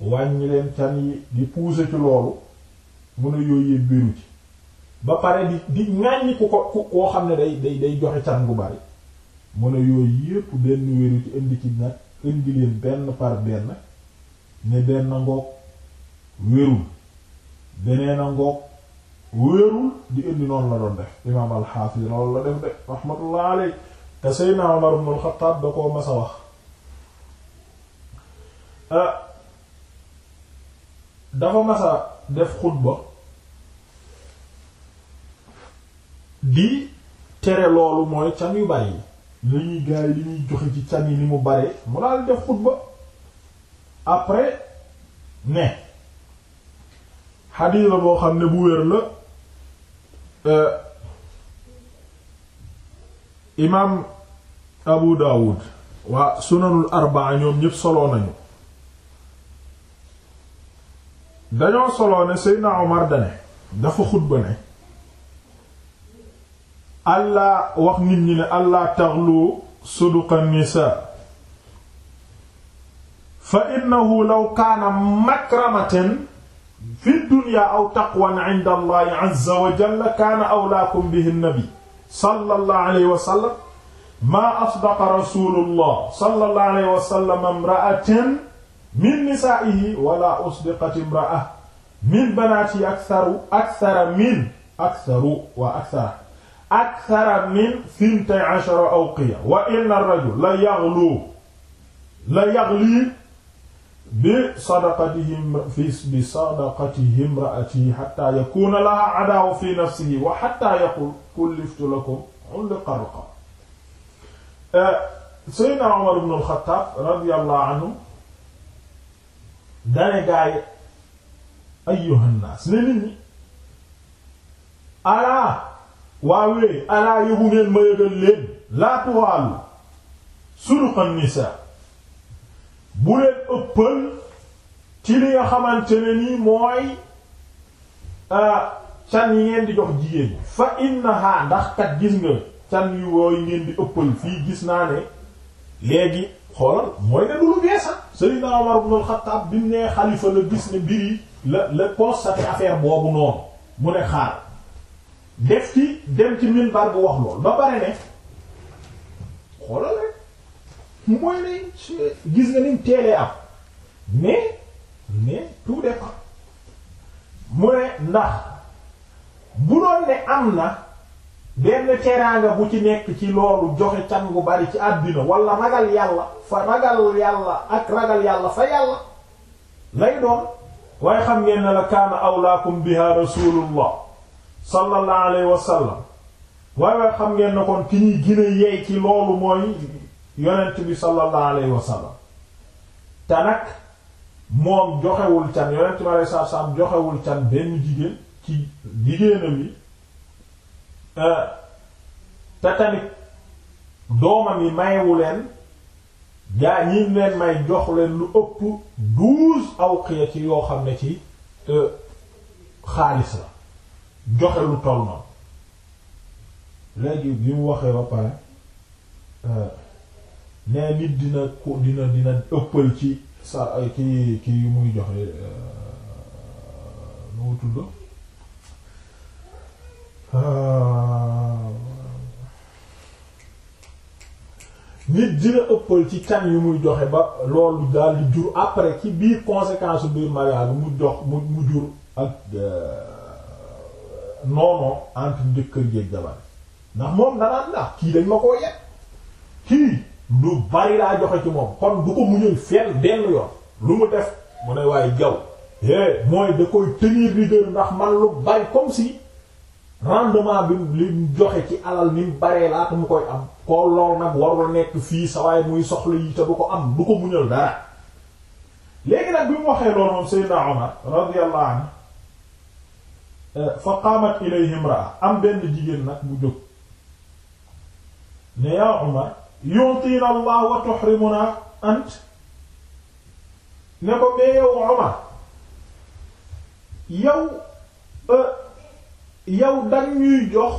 A: wàññi can yi di pousser ci loolu mun a yooyu yëpp bu bari benn wéru ci indi ci nag indi leen benn par benn ne benn ngoog wérul beneen ngoog wérul di indi noonu la doon def imaam alxaafis loolu la def de rahmatullah aley te Seydina Umar ibn al-Khattab koo mas a wax ah, dafa mas a def xutba di tere loolu mooy can yu bari lañuy gars yi li ñuy joxe ci can yi ni mu bare mu daal def xutba après ne xadiis la boo xam ne bu wér la euh, imaam Abu Dawud waa sunanul arbaa ñoom ñépp soloo nañu dañoo soloo ne Seydina Omar dane dafa xutba ne allah wax nit ñi ne allah taxlu suduqa nisa fa innahu law kaana makramatan fi dunya aw taqwan inda allahi azza wa jalla kaana awlaakum bihi nabi sallallahu alayhi wa sallam maa asdaqa rasulullah sallallahu alayhi wa sallam imra'atan min nisaa'ihi wala usdiqat imra'a min banaatihi aktharu akthara min aktharu wa akthara akthara min thintay ashara awqiya wa inna ar-rajul la yaghlu la yaghli bi sadaqatihim fi bi sadaqatihi imraatihi hatta yakuna laha adawa fi nafsihi wa hatta yaqul kulliftu lakum ulqa riqa Seydina Umar ibn al-Khattab radiyallahu anhu dane gaay ayyuhan naas ne nit ñi alaa waawee alaa yëgu ngeen ma yëgal leen laa tuwaalu suruqan nisaa bu leen ëppal ci li nga xamante ne nii mooy ah, can yi ngeen di jox jigéen ñi fa innaha ndax kat gis nga can yu ngeen di ëppal fii gis naa ne léegi xoolal mooy ne du lu bees Seydina Omar ibn al bi mu nee xalifa la gis ne mbir yi la la constaté affaire boobu noonu mu ne xaar def ci dem ci minbar bu wax lool ba pare ne xoolal rek mooy ne gis nga niñ teelee am mais mais tout dépend mu ne ndax bu doon ne am na benn teraanga bu ci nekk ci loolu joxe can gu bari ci àddina wala ragal yàlla fa ragal yàlla ak ragal yàlla fa yàlla lay doon waaye xam ngeen ne la kaana awlaakum biha rasulullah sallallahu alayhi wa sallam waaye xam ngeen ne kon ki ñuy gën a yeey ci loolu mooy yonent bi sallallahu alayhi wa sallam te nag moom joxewul can yonent bi alayhi salaatu joxewul can benn jigéen ci jigéenam yi eh, te tamit doomam yi mayewu leen gaa ñiin leen may jox leen lu ëpp douze awqiya ci yoo xam ne ci eh, xaalis la joxe lu toll noonu léegi bi mu waxee ba pare euh, nee nit dina ko dina dina ëppal ci sa ki ki yu muy joxe euh, nu tudd euh, nit dina ëppal ci can yu muy joxe ba loolu daal di jur après ci biir conséquence biir mariage mu jox mu mu jur ak noonoo entre jëkkër jeeg jabar ndax moom danaan ndax kii dañ ma koo yet kii lu bari laa joxe ci moom kon bu ko muñul fenn benn yoon lu mu def mu ne waaye jaw é eh, mooy da koy tenir rigueur ndax man lu bari comme si rendement bi li joxe ci alal ni mu baree mu koy am ko lool nag warul nekk fii sawaay muy soxla yi te du ko am du ko muñal dara léegi nag bi mu waxee loolu moom Seydina Omar radiyallahu anhu Eh, fa qaamat ilayhi imraa am benn jigéen nag bu jóg ne yaa Umar yuntiina Allah wa tuhrimuna ant ne ko mais yow Umar yow eh, yow dang ñuy jox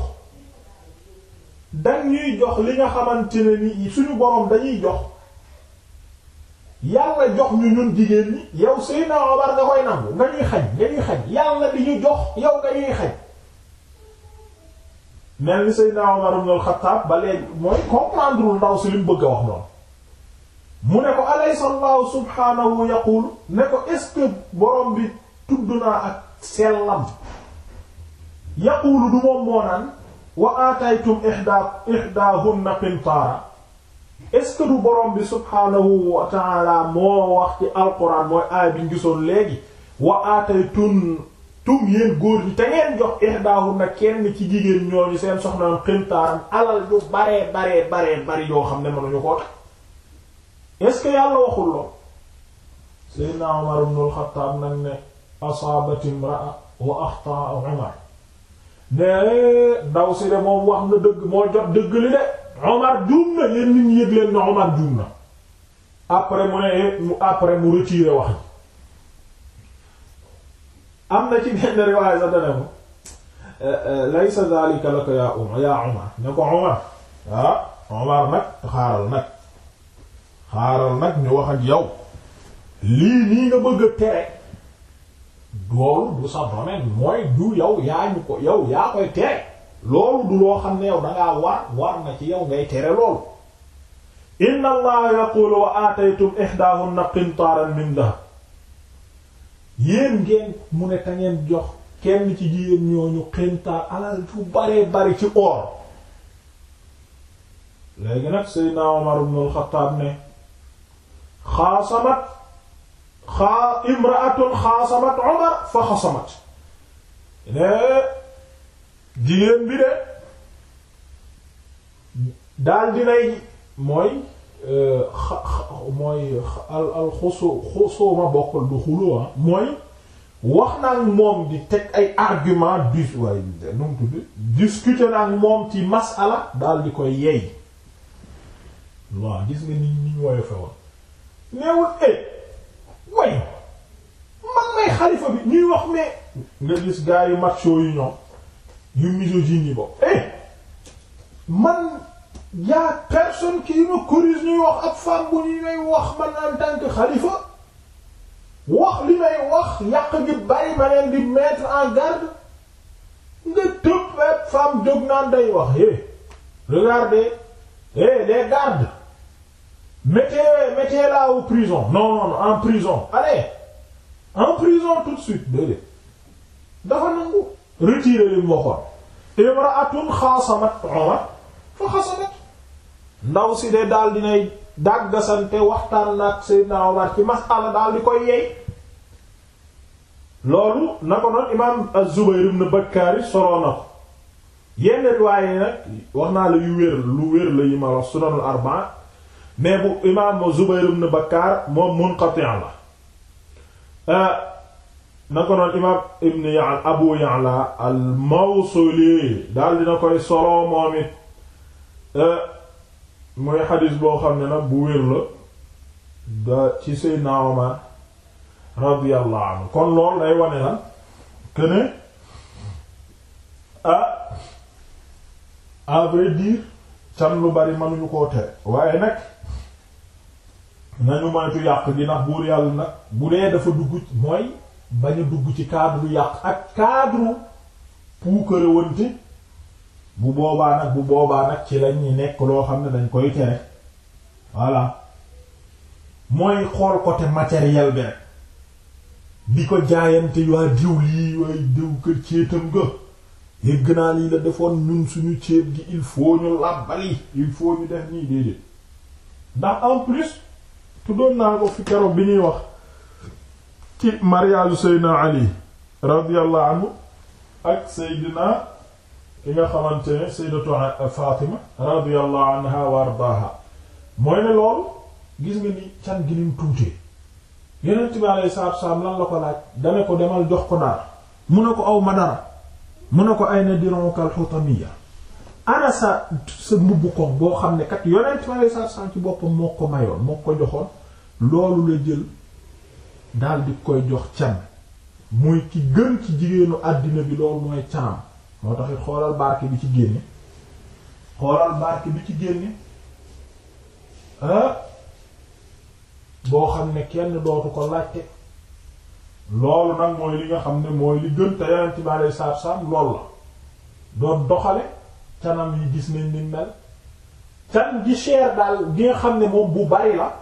A: dang ñuy jox li nga xamante ne ni suñu boroom dañuy jox yàlla jox ñu ñun jigéen ñi yow Seydina Omar nga koy nangu nga ñuy xañ nga ñuy xañ yàlla di ñu jox yow nga ñuy xañ mel ni Seydina Omar ibn al-Khattab ba léegi mooy comprendre ndaw si li bëgg a wax noonu mu ne ko alaysa Allahu subhaanahu yaqul ne ko est borom bi tudd naa ak sellam yaqulu du moom moo naan wa aataytum ihdaa ihdaahunna qintaara est-ce que du borom bi subhaanahu wa moo wax ci alquran mooy aay bi ñu gisoon léegi wa aataytun tum yéen góor ñi te ngeen jox ihdaahunna kenn ci jigéen ñooñu seen soxnaam xintaaram alal yu baree baree baree bari yoo xam ne mënuñu ko tax est yàlla waxul lool Seydina Umar ibn al-Khattab nag ne asaabat imraa wa axtaa Umar ne ndaw si de moom wax na dëgg moo jot dëgg li de Omar juum na yéen nit ñi yëg leen ne Omar juum na après mu ne après mu retiré wax am na ci benn riwaaya sax dana ko eh, eh, laysa dhalika laka yaa Umar yaa Umar ne ko Umar ah Umar nag xaaral nag xaaral nag ñu wax ak yow lii nii nga bëgg tere doolu du sa domaine mooy du yow yaa ñu ko yow yaa koy tere loolu du loo xam ne yow dangaa war war na ci yow ngay tere loolu inna allaha yaqulu wa aataytum ihdahunna qintaaran min yéen ngeen mu ne ta jox kenn ci jigéen ñooñu qintaar alal fu baree bari ci or léegi nag seydna Umar ibn al-Khattab ne xaasamat xaa imraatun xaasamat Umar fa xasamat jigéen bi de daal dinay mooy euh, mooy al al xusoo xusoo ma bokkal du xuloo ah mooy wax naa moom di teg ay argument dis waaye nu mu tudd discuter naa moom ci masala daal di koy yey waaw gis nga ni ni ñu woyofe woon neewul e eh, way man may xalifa bi ñuy wax mais nga gis gaa yu macho yu ñoom ñu misogyne yi bopp eh man y'a personne qui me corrige ñuy wax ak femme bu ñu may wax man en tant xalifa wax li may wax yàq gi bari ma leen di mettre en garde nga tëb ak jóg naan day wax eh regardez eh les gardes mettez mettez là au prison non non en prison allez en prison tout suite dafa nangu retirer li mu waxoon imraatun xaasamat Umar fa xasamat ndaw si de daal dinay dàggasante waxtaan nag Seydina Umar ci masala daal di koy yey loolu na ko noon imaam Az-Zubayr ibn Bakkaari soloo na ko nag wax naa la yu wér lu wér la yi ma wax Sunanul Arba'a mais bu imaam Zubayr ibn Bakkaar moom munqati' la euh, na ko noon imaam ibn Ya'la Abu Ya'la al-Mawsili daal dina koy solo it e, mooy xadiis boo xam ne nag bu wér la da ci Seydina Omar radiyallahu anhu kon loolu day wane la këne ah à vrai cam lu bari mënuñu koo tere waaye nag nañu moytu yàq gi ndax buur yàlla nag bu dee dafa dugg mooy bañ a dugg ci cadre yàq ak cadre puukarewante bu boobaa nag bu boobaa nag ci lañuy nekk loo xam ne dañ koy tere voilà mooy xool côté matériel bi rek di ko jaayante waa diw lii waay diw kër céetam ga yëgg naa lii la defoon ñun suñu ceeb gi il faut ñu làbbali il faut ñu def nii déedéet ndax en plus tuddoon naa ko fi keroog bi ñuy wax ci mariage Seydina Ali radiyallahu ak Seydina ki nga xamante ne Sayyidatu Fatima radiyallahu anha wa ardaaha mooy ne loolu gis nga ni can gi tuutee Yonent bi alayhi salaatu lan la ko laaj dane ko demal jox ko naar mu ne ko aw ma dara mu ne ko ay na dironkal xutamiya ana sa sa mbubb koŋ boo xam ne kat Yonent bi alayhi salaatu ci boppam moo ko mayoon moo ko joxoon loolu la jël daal di koy jox can muy ki gën ci jigéenu àddina bi loolu mooy canam moo tax xoolal barke bi ci génne xoolal barke bi ci génne ah. boo xam ne kenn dootu ko laajte loolu nag mooy li nga xam ne mooy li gën te yeneen ci bàyyi saab-saab lool la doon doxale canam yi gis nañ ni mel can gi cher daal gi nga xam ne moom bu bari la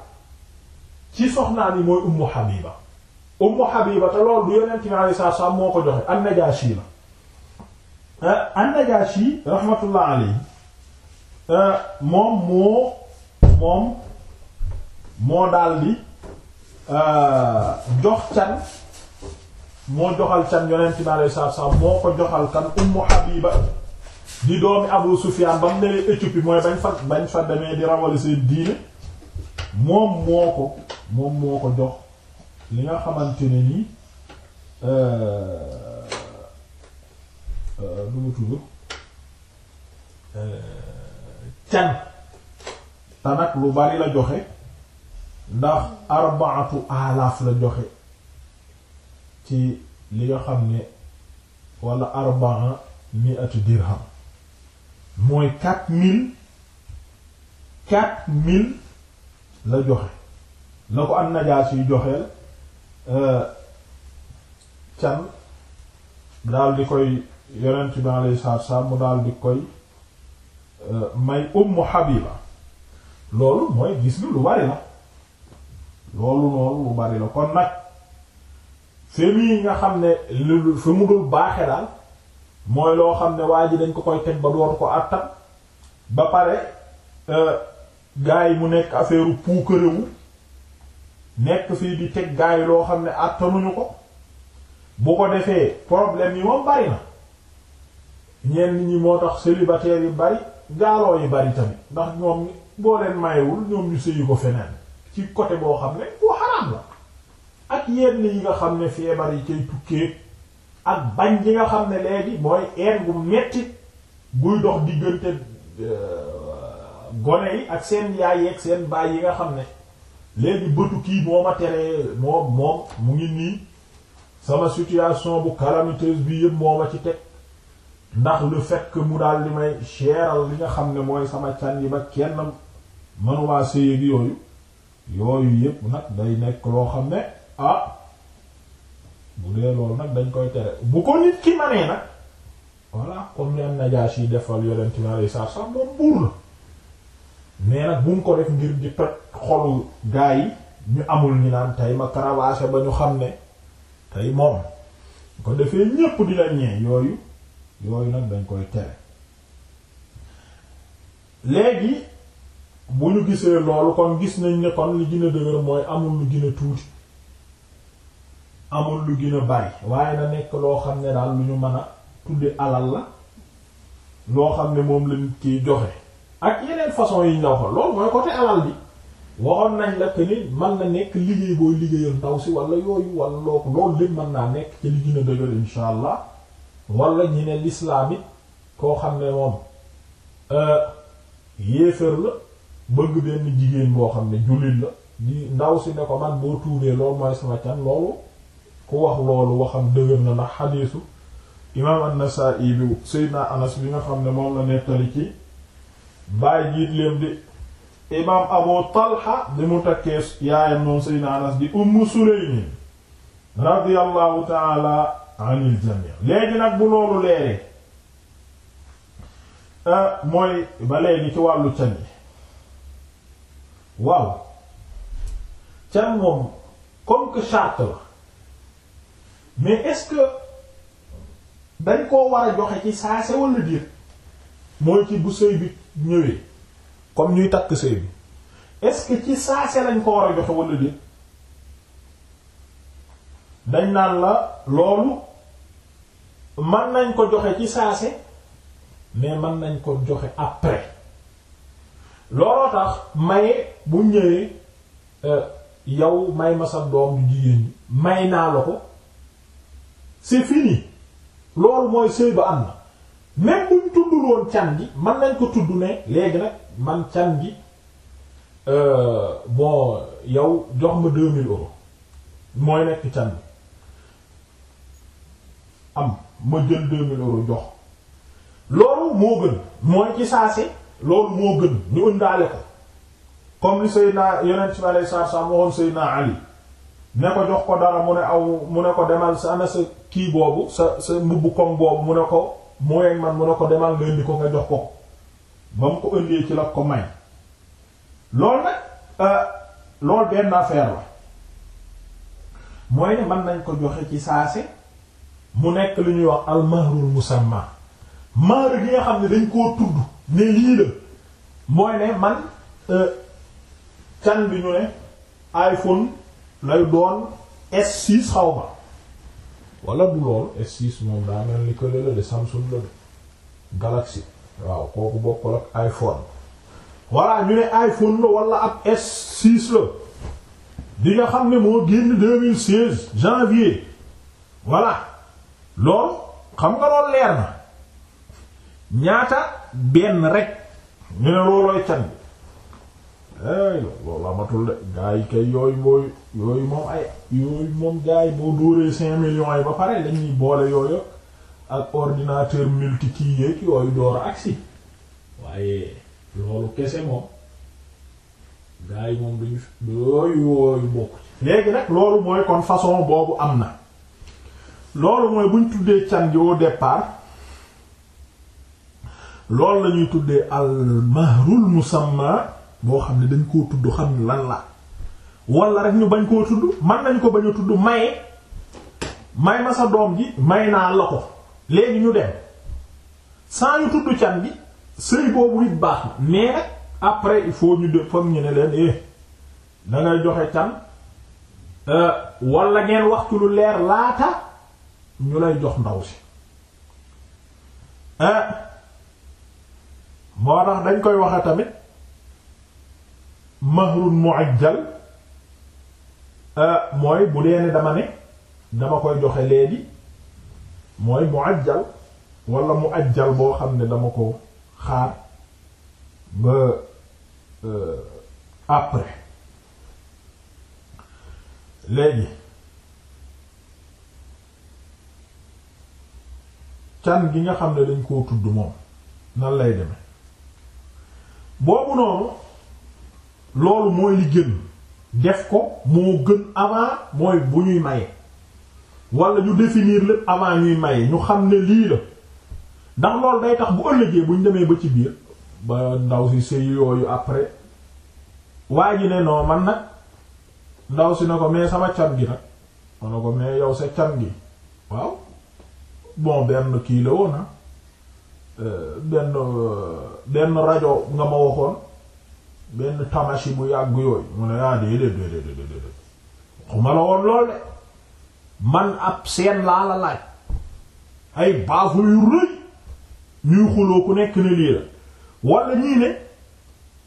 A: ci soxnaan yi mooy Ummu Habiba ummu Habiba te loolu du yonent mi alayhi salaatu moo ko joxe an-Najaashi la euh, an-Najaashi rahmatullah alayhi euh, moom moo moom moo daldi euh, jox can moo joxal can yonent mi alayhi salaatu moo ko joxal kan ummu Habiba di doomi Abu Sufyaan ba mu newee Éthiopie mooy bañ fa bañ fa demee di rawali seen diine moom moo ko moom moo ko jox li nga xamante ne ni lu euh, euh, mu tudd euh, can te nag lu bari la joxe ndax arbaatu alaaf la joxe ci li nga xam ne wala arbaa mi'atu dirham mooy quatre mille quatre mille la joxe la ko an najaas yu joxeel Euh, can daal di koy yonent bi alayhi salaatu wassalaam mu daal di koy euh, may Ummu Habiba loolu mooy gis ni lu bari la loolu noonu lu bari la kon nag famille yi nga xam ne lu fi mu dul baaxe daal mooy loo xam ne waa ji dañ ko koy teg ba dootu ko attan ba pare euh, gars mu nekk affaire puukarewu nekk fii bi teg gaa loo xam ne attanuñu ko boo ko defee problème yi moom bari na ñenn ñi moo tax célibataires yi bari gaaloo yi bari tamit ndax ñoom boo leen mayewul ñoom ñu sëyi ko feneen ci côté boo xam ne bu xaraam la ak yenn yi nga xam ne feebar yi cay tukkee ak bañ yi nga xam ne léegi mooy een gu metti guy dox diggante euh, gone yi ak seen yaay yi seen baay yi nga xam ne léegi bëtu kii moo ma teree moom moom mu ngi nii sama situation bu calamiteuse bi yëpp moo ma ci teg ndax lu fekk mu daal li may cheral li nga xam ne mooy sama can yi ba kenn mënuwaa séyéeg yooyu yooyu yëpp nag day nekk loo xam ne ah bu dee loolu nag dañ koy tere bu ko nit ki manee nag voilà comme li am Najaashi defal yolentiment lay sar sax moom buur la mais nag bu mu ko def ngir di toj xolu gaa yi ñu amul ñu naan tey ma caravage ba ñu xam ne tey moom ko defee ñépp di la ñee yooyu yooyu nag dañ koy tere léegi bu ñu gisee loolu kon gis nañ ne kon li gën a dëgër mooy amul lu gën a tuuti amul lu gën a bari waaye na nekk loo xam ne daal lu ñu mën a tudde alal la loo xam ne moom lañ kiy joxe ak yeneen façon yi ñu la waxoon loolu mooy côté alal bi waxoon nañ la que ni mën na nekk liggéey booy liggéeyal ndaw si wala yooyu wala loolu lépp mën naa nekk ci li gën a dëgër insha allah wala ñi ne l'islam koo xam ne moom euh, yéefar la bëgg benn jigéen boo xam ne jullit la di ndaw si ne ko man boo tuubee loolu mooy sama can loolu ku wax loolu waxam dëgër na ndax xadiisu imaam an-Nasaa'i bi Seydina Anas bi nga xam ne moom la nettali ci bàyyi jiitleem di imaam abu talha di mu takkee yaayam moom seydina anas di umm suleymin radiyallahu taala anil jamii léegi nag bu loolu leeree ah, mooy ba léegi ci wàllu can yi waaw can moom comme que la mais est-ce que dañ koo war a joxe ci saase walla diir mooy ci bu sëy bi ñëwee comme ñuy takk sëy bi est-ce que ci saase lañ ko war a joxe wala déet dañ naan la loolu mën nañ ko joxe ci saase mais mën nañ ko joxe après looloo tax maye bu ñëwee euh, yow may ma sa doom du jigéen ñi may naa la ko c'est fini loolu mooy sëy ba am na mais buñ tuddoon can gi man nañ ko tudd ne léegi nag man can gi euh, bon yow jox ma deux mille euros mooy nekk can bi am ma jël deux mille euros jox loolu moo gën mooy ci saase loolu moo gën ñu ëndaale ko comme li Seydina yonent bi alayhi salaatu salaam waxoon Seydina Ali ne ko jox ko dara mu ne aw mu ne ko demal sa ana sa kii boobu sa sa mbubb koŋ boobu mu ne ko mooy man mu ne ko demal nga indi ko nga jox ko ba mu ko indee ci la ko may loolu nag euh, loolu benn affaire la mooy ne mën nañ ko joxe ci si mu nekk lu ñuy wax almahrul musamma mahr gi nga xam ne dañ koo tudd ne lii la mooy ne man euh, can bi ñu ne iPhone lay doon S6 xaw ma wala du lool S6 moom daa ni que le de Samsung la de Galaxy waaw kooku bokkul ak iPhone voilà ñu ne iPhone la wala ab S6 la di nga xam ne moo génn 2016 janvier voilà loolu xam nga loolu leer na ñaata benn rek ñu ne loolooy can ay loolu amatul de gars yi kay yooyu yooyu moom ay yooyu moom gars yi boo dóoree cinq millions yi ba pare dañuy boole yooyu ak ordinateur multi kii yéeg yooyu door a waaye loolu kese moom gars yi moom duñu yooyu yooyu bokk ci léegi rek loolu mooy kon façon boobu am na loolu mooy buñ tuddee can gi au loolu lañuy tuddee al mahrul boo xam ne dañ koo tudd xam ne lan la wala rek ñu bañ koo tudd mën nañ ko bañ a tudd maye may na sa doom ji may naa la ko léegi ñu dem sans ñu tudd can bi sëy boobu it baax na mais après il faut ñu de fam ñu ne leen eh da joxe can euh, wala ngeen waxtu lu leer laata ñu lay jox ndaw si euh, moo tax dañ koy waxe tamit mu muajjal euh, mooy bu dee ne dama ne dama koy doxe léegi mooy muajjal wala muajjal boo xam ne dama ko xaar ba euh, après léegi can gi nga xam ne dañ koo tudd moom nan lay deme boobu noonu loolu mooy li gën def ko moo gën avant mooy bu ñuy maye wala ñu définir lépp avant ñuy maye ñu xam ne lii la ndax loolu day tax bu ëllëgee bu ñu demee ba ci biir ba ndaw si sëy yooyu après waa ji ne non man nag ndaw si na ko mais sama can gi nag ma na ko mais yow sa can gi waaw bon benn kii la woon ah euh, benn euh, benn rajo nga ma waxoon benn tamashi bu yàgg yooyu mu ne ah déedéet déedéet déedéet xuma la woon lool de man ab seen laa la laaj ay baafu yu rëy ñuy xuloo ku nekk ne lii la wala ñii ne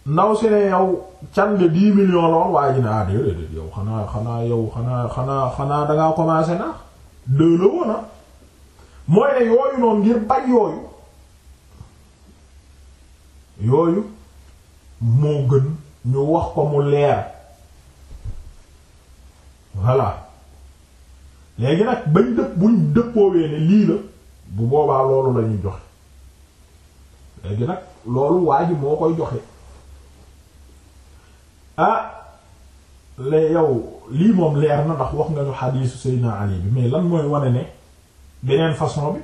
A: ndaw si ne yow can de dix lool waaye ñu ah déedéet déedéet yow xanaa xanaa yow xanaa xanaa xanaa dangaa commencé na deux la woon ah mooy ne yooyu noonu ngir bañ yooyu yooyu. moo gën ñu wax ko mu leer voilà léegi nag bañ dëpp buñ dëppoowee ne lii la bu boobaa loolu lañuy joxe léegi nag loolu waa ji moo koy joxe ah la yow lii moom leer na ndax wax nga ñu xadiisu Seydina Ali bi mais lan mooy wane ne beneen façon bi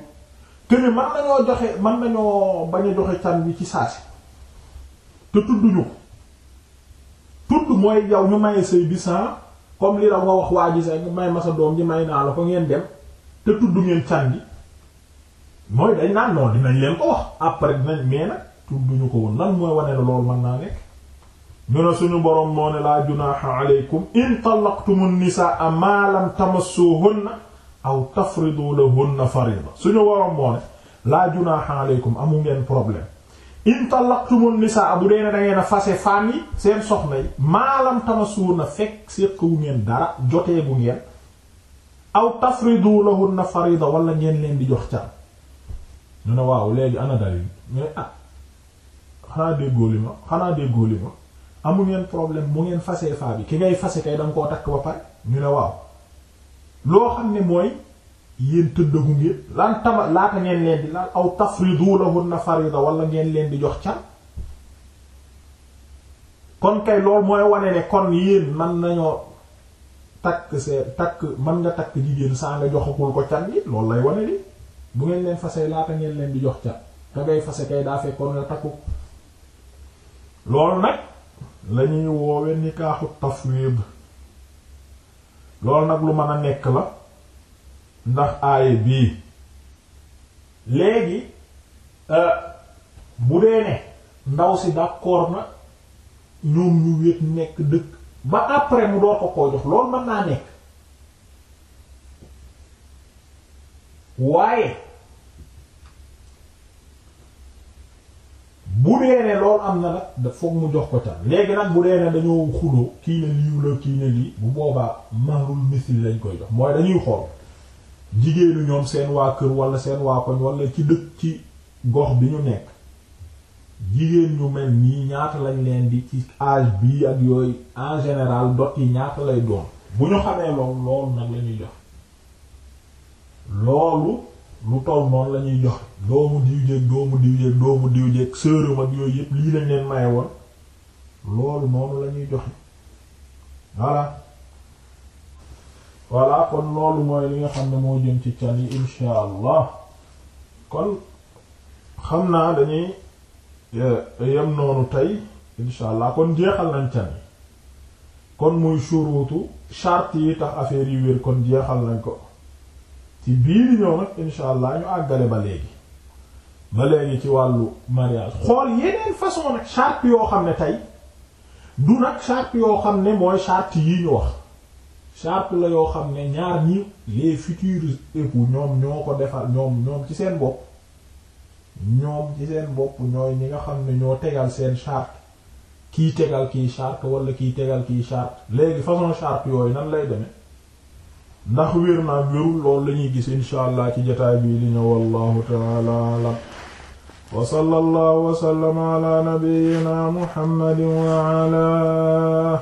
A: que ne mën nañoo joxe mën nañoo bañ a joxe can bi ci si te tudduñu ko tudd mooy yow ñu maye say bisan comme li la nga wax waa ji sa may ma doom ji may naa la ko ngeen dem te tudd ngeen can mooy dañ naan noonu dinañ leen ko wax après dinañ mais nag tudduñu ko woon lan mooy wane loolu mën naa nekk ñu ne suñu boroom moo ne laa junaaha aleykum in talaqtumu nisaa ma lam tamassuhunna aw tafridu lahunna farida suñu boroom moo ne laa junaaha aleykum amu ngeen problème in talaqtumun nisaa bu dee ne da ngeen a fase femme yi seen soxna yi maalam tamassuhunna fekk séqwu ngeen dara jotee bu ngeen aw tafridu lahunna farida wala ngeen leen di jox car ñu ne waaw léegi ana dalil ñu ne ah xanaa déggoo li ma xanaa déggoo li ma amu ngeen problème mu ngeen fase faa yi ki ngay fase kay danga koo takk ba pare ñu ne waaw loo xam ne mooy yéen tëddagu ngeen lan taba laata ngeen leen di laal aw tafridu lahunna farida wala ngeen leen di jox can kon kay loolu mooy wane ne kon yéen man nañoo takk seen takk mën nga takk jigéen saa nga joxagul ko can gi loolu lay wone di bu ngeen leen fase laata ngeen leen di jox can da ngay fase kay daa fekkoon nga takku loolu nag la ñuy woowe nikaaxu tafwid loolu nag lu mën a nekk la ndax aaya bii léegi euh, bu dee ne ndaw si d'accord na ñoom ñu wéet nekk dëkk ba après mu door ko koo jox loolu mën naa nekk waaye bu dee ne loolu am na nag foog mu jox ko tam léegi nag bu dee ne dañoo xuloo kii ne liiw la kii ne lii bu boobaa mahrul misil lañ koy jox mooy dañuy xool jigéenu ñoom seen waa kër wala seen waa koñ wala ci dëkk ci gox bi ñu nekk jigéen ñu mel nii ñaata lañ leen di ci âge bii ak yooyu en général dot yi ñaata lay doon bu ñu xamee loolu loolu nag la ñuy jox loolu lu toll noonu la ñuy jox doomu diw doomu diw doomu diw sërëm ak yooyu yépp lii lañ leen maye woon loolu noonu la joxe voilà voilà kon loolu mooy li nga xam ne moo jëm ci can yi insha allah kon xam naa dañuy eh, yem noonu tey insha allah kon jeexal nañ can yi kon muy shuruutu charte yi tax affaire yi wér kon jeexal nañ ko ci biir ñoo nag insha allah ñu àggale ba léegi ba léegi ci wàllu mariage xool yeneen façon nag charte yoo xam ne tey du nag charte yoo xam ne mooy charte yi ñu wax charte la yoo xam ne ñaar ñi les futurs époux ñoom ñoo ko defar ñoom ñoom ci seen bopp ñoom ci seen bopp ñooy ñi nga xam ne ñoo tegal seen charte kiy tegal kiy charte wala kiy tegal kiy charte léegi façon charte yooyu nan lay deme ndax wér naa wérul loolu la gis insha allah ci jotaay bii di ñu wallahu taala alam wa sallallahu wa sallama ala nabiyyina wa ala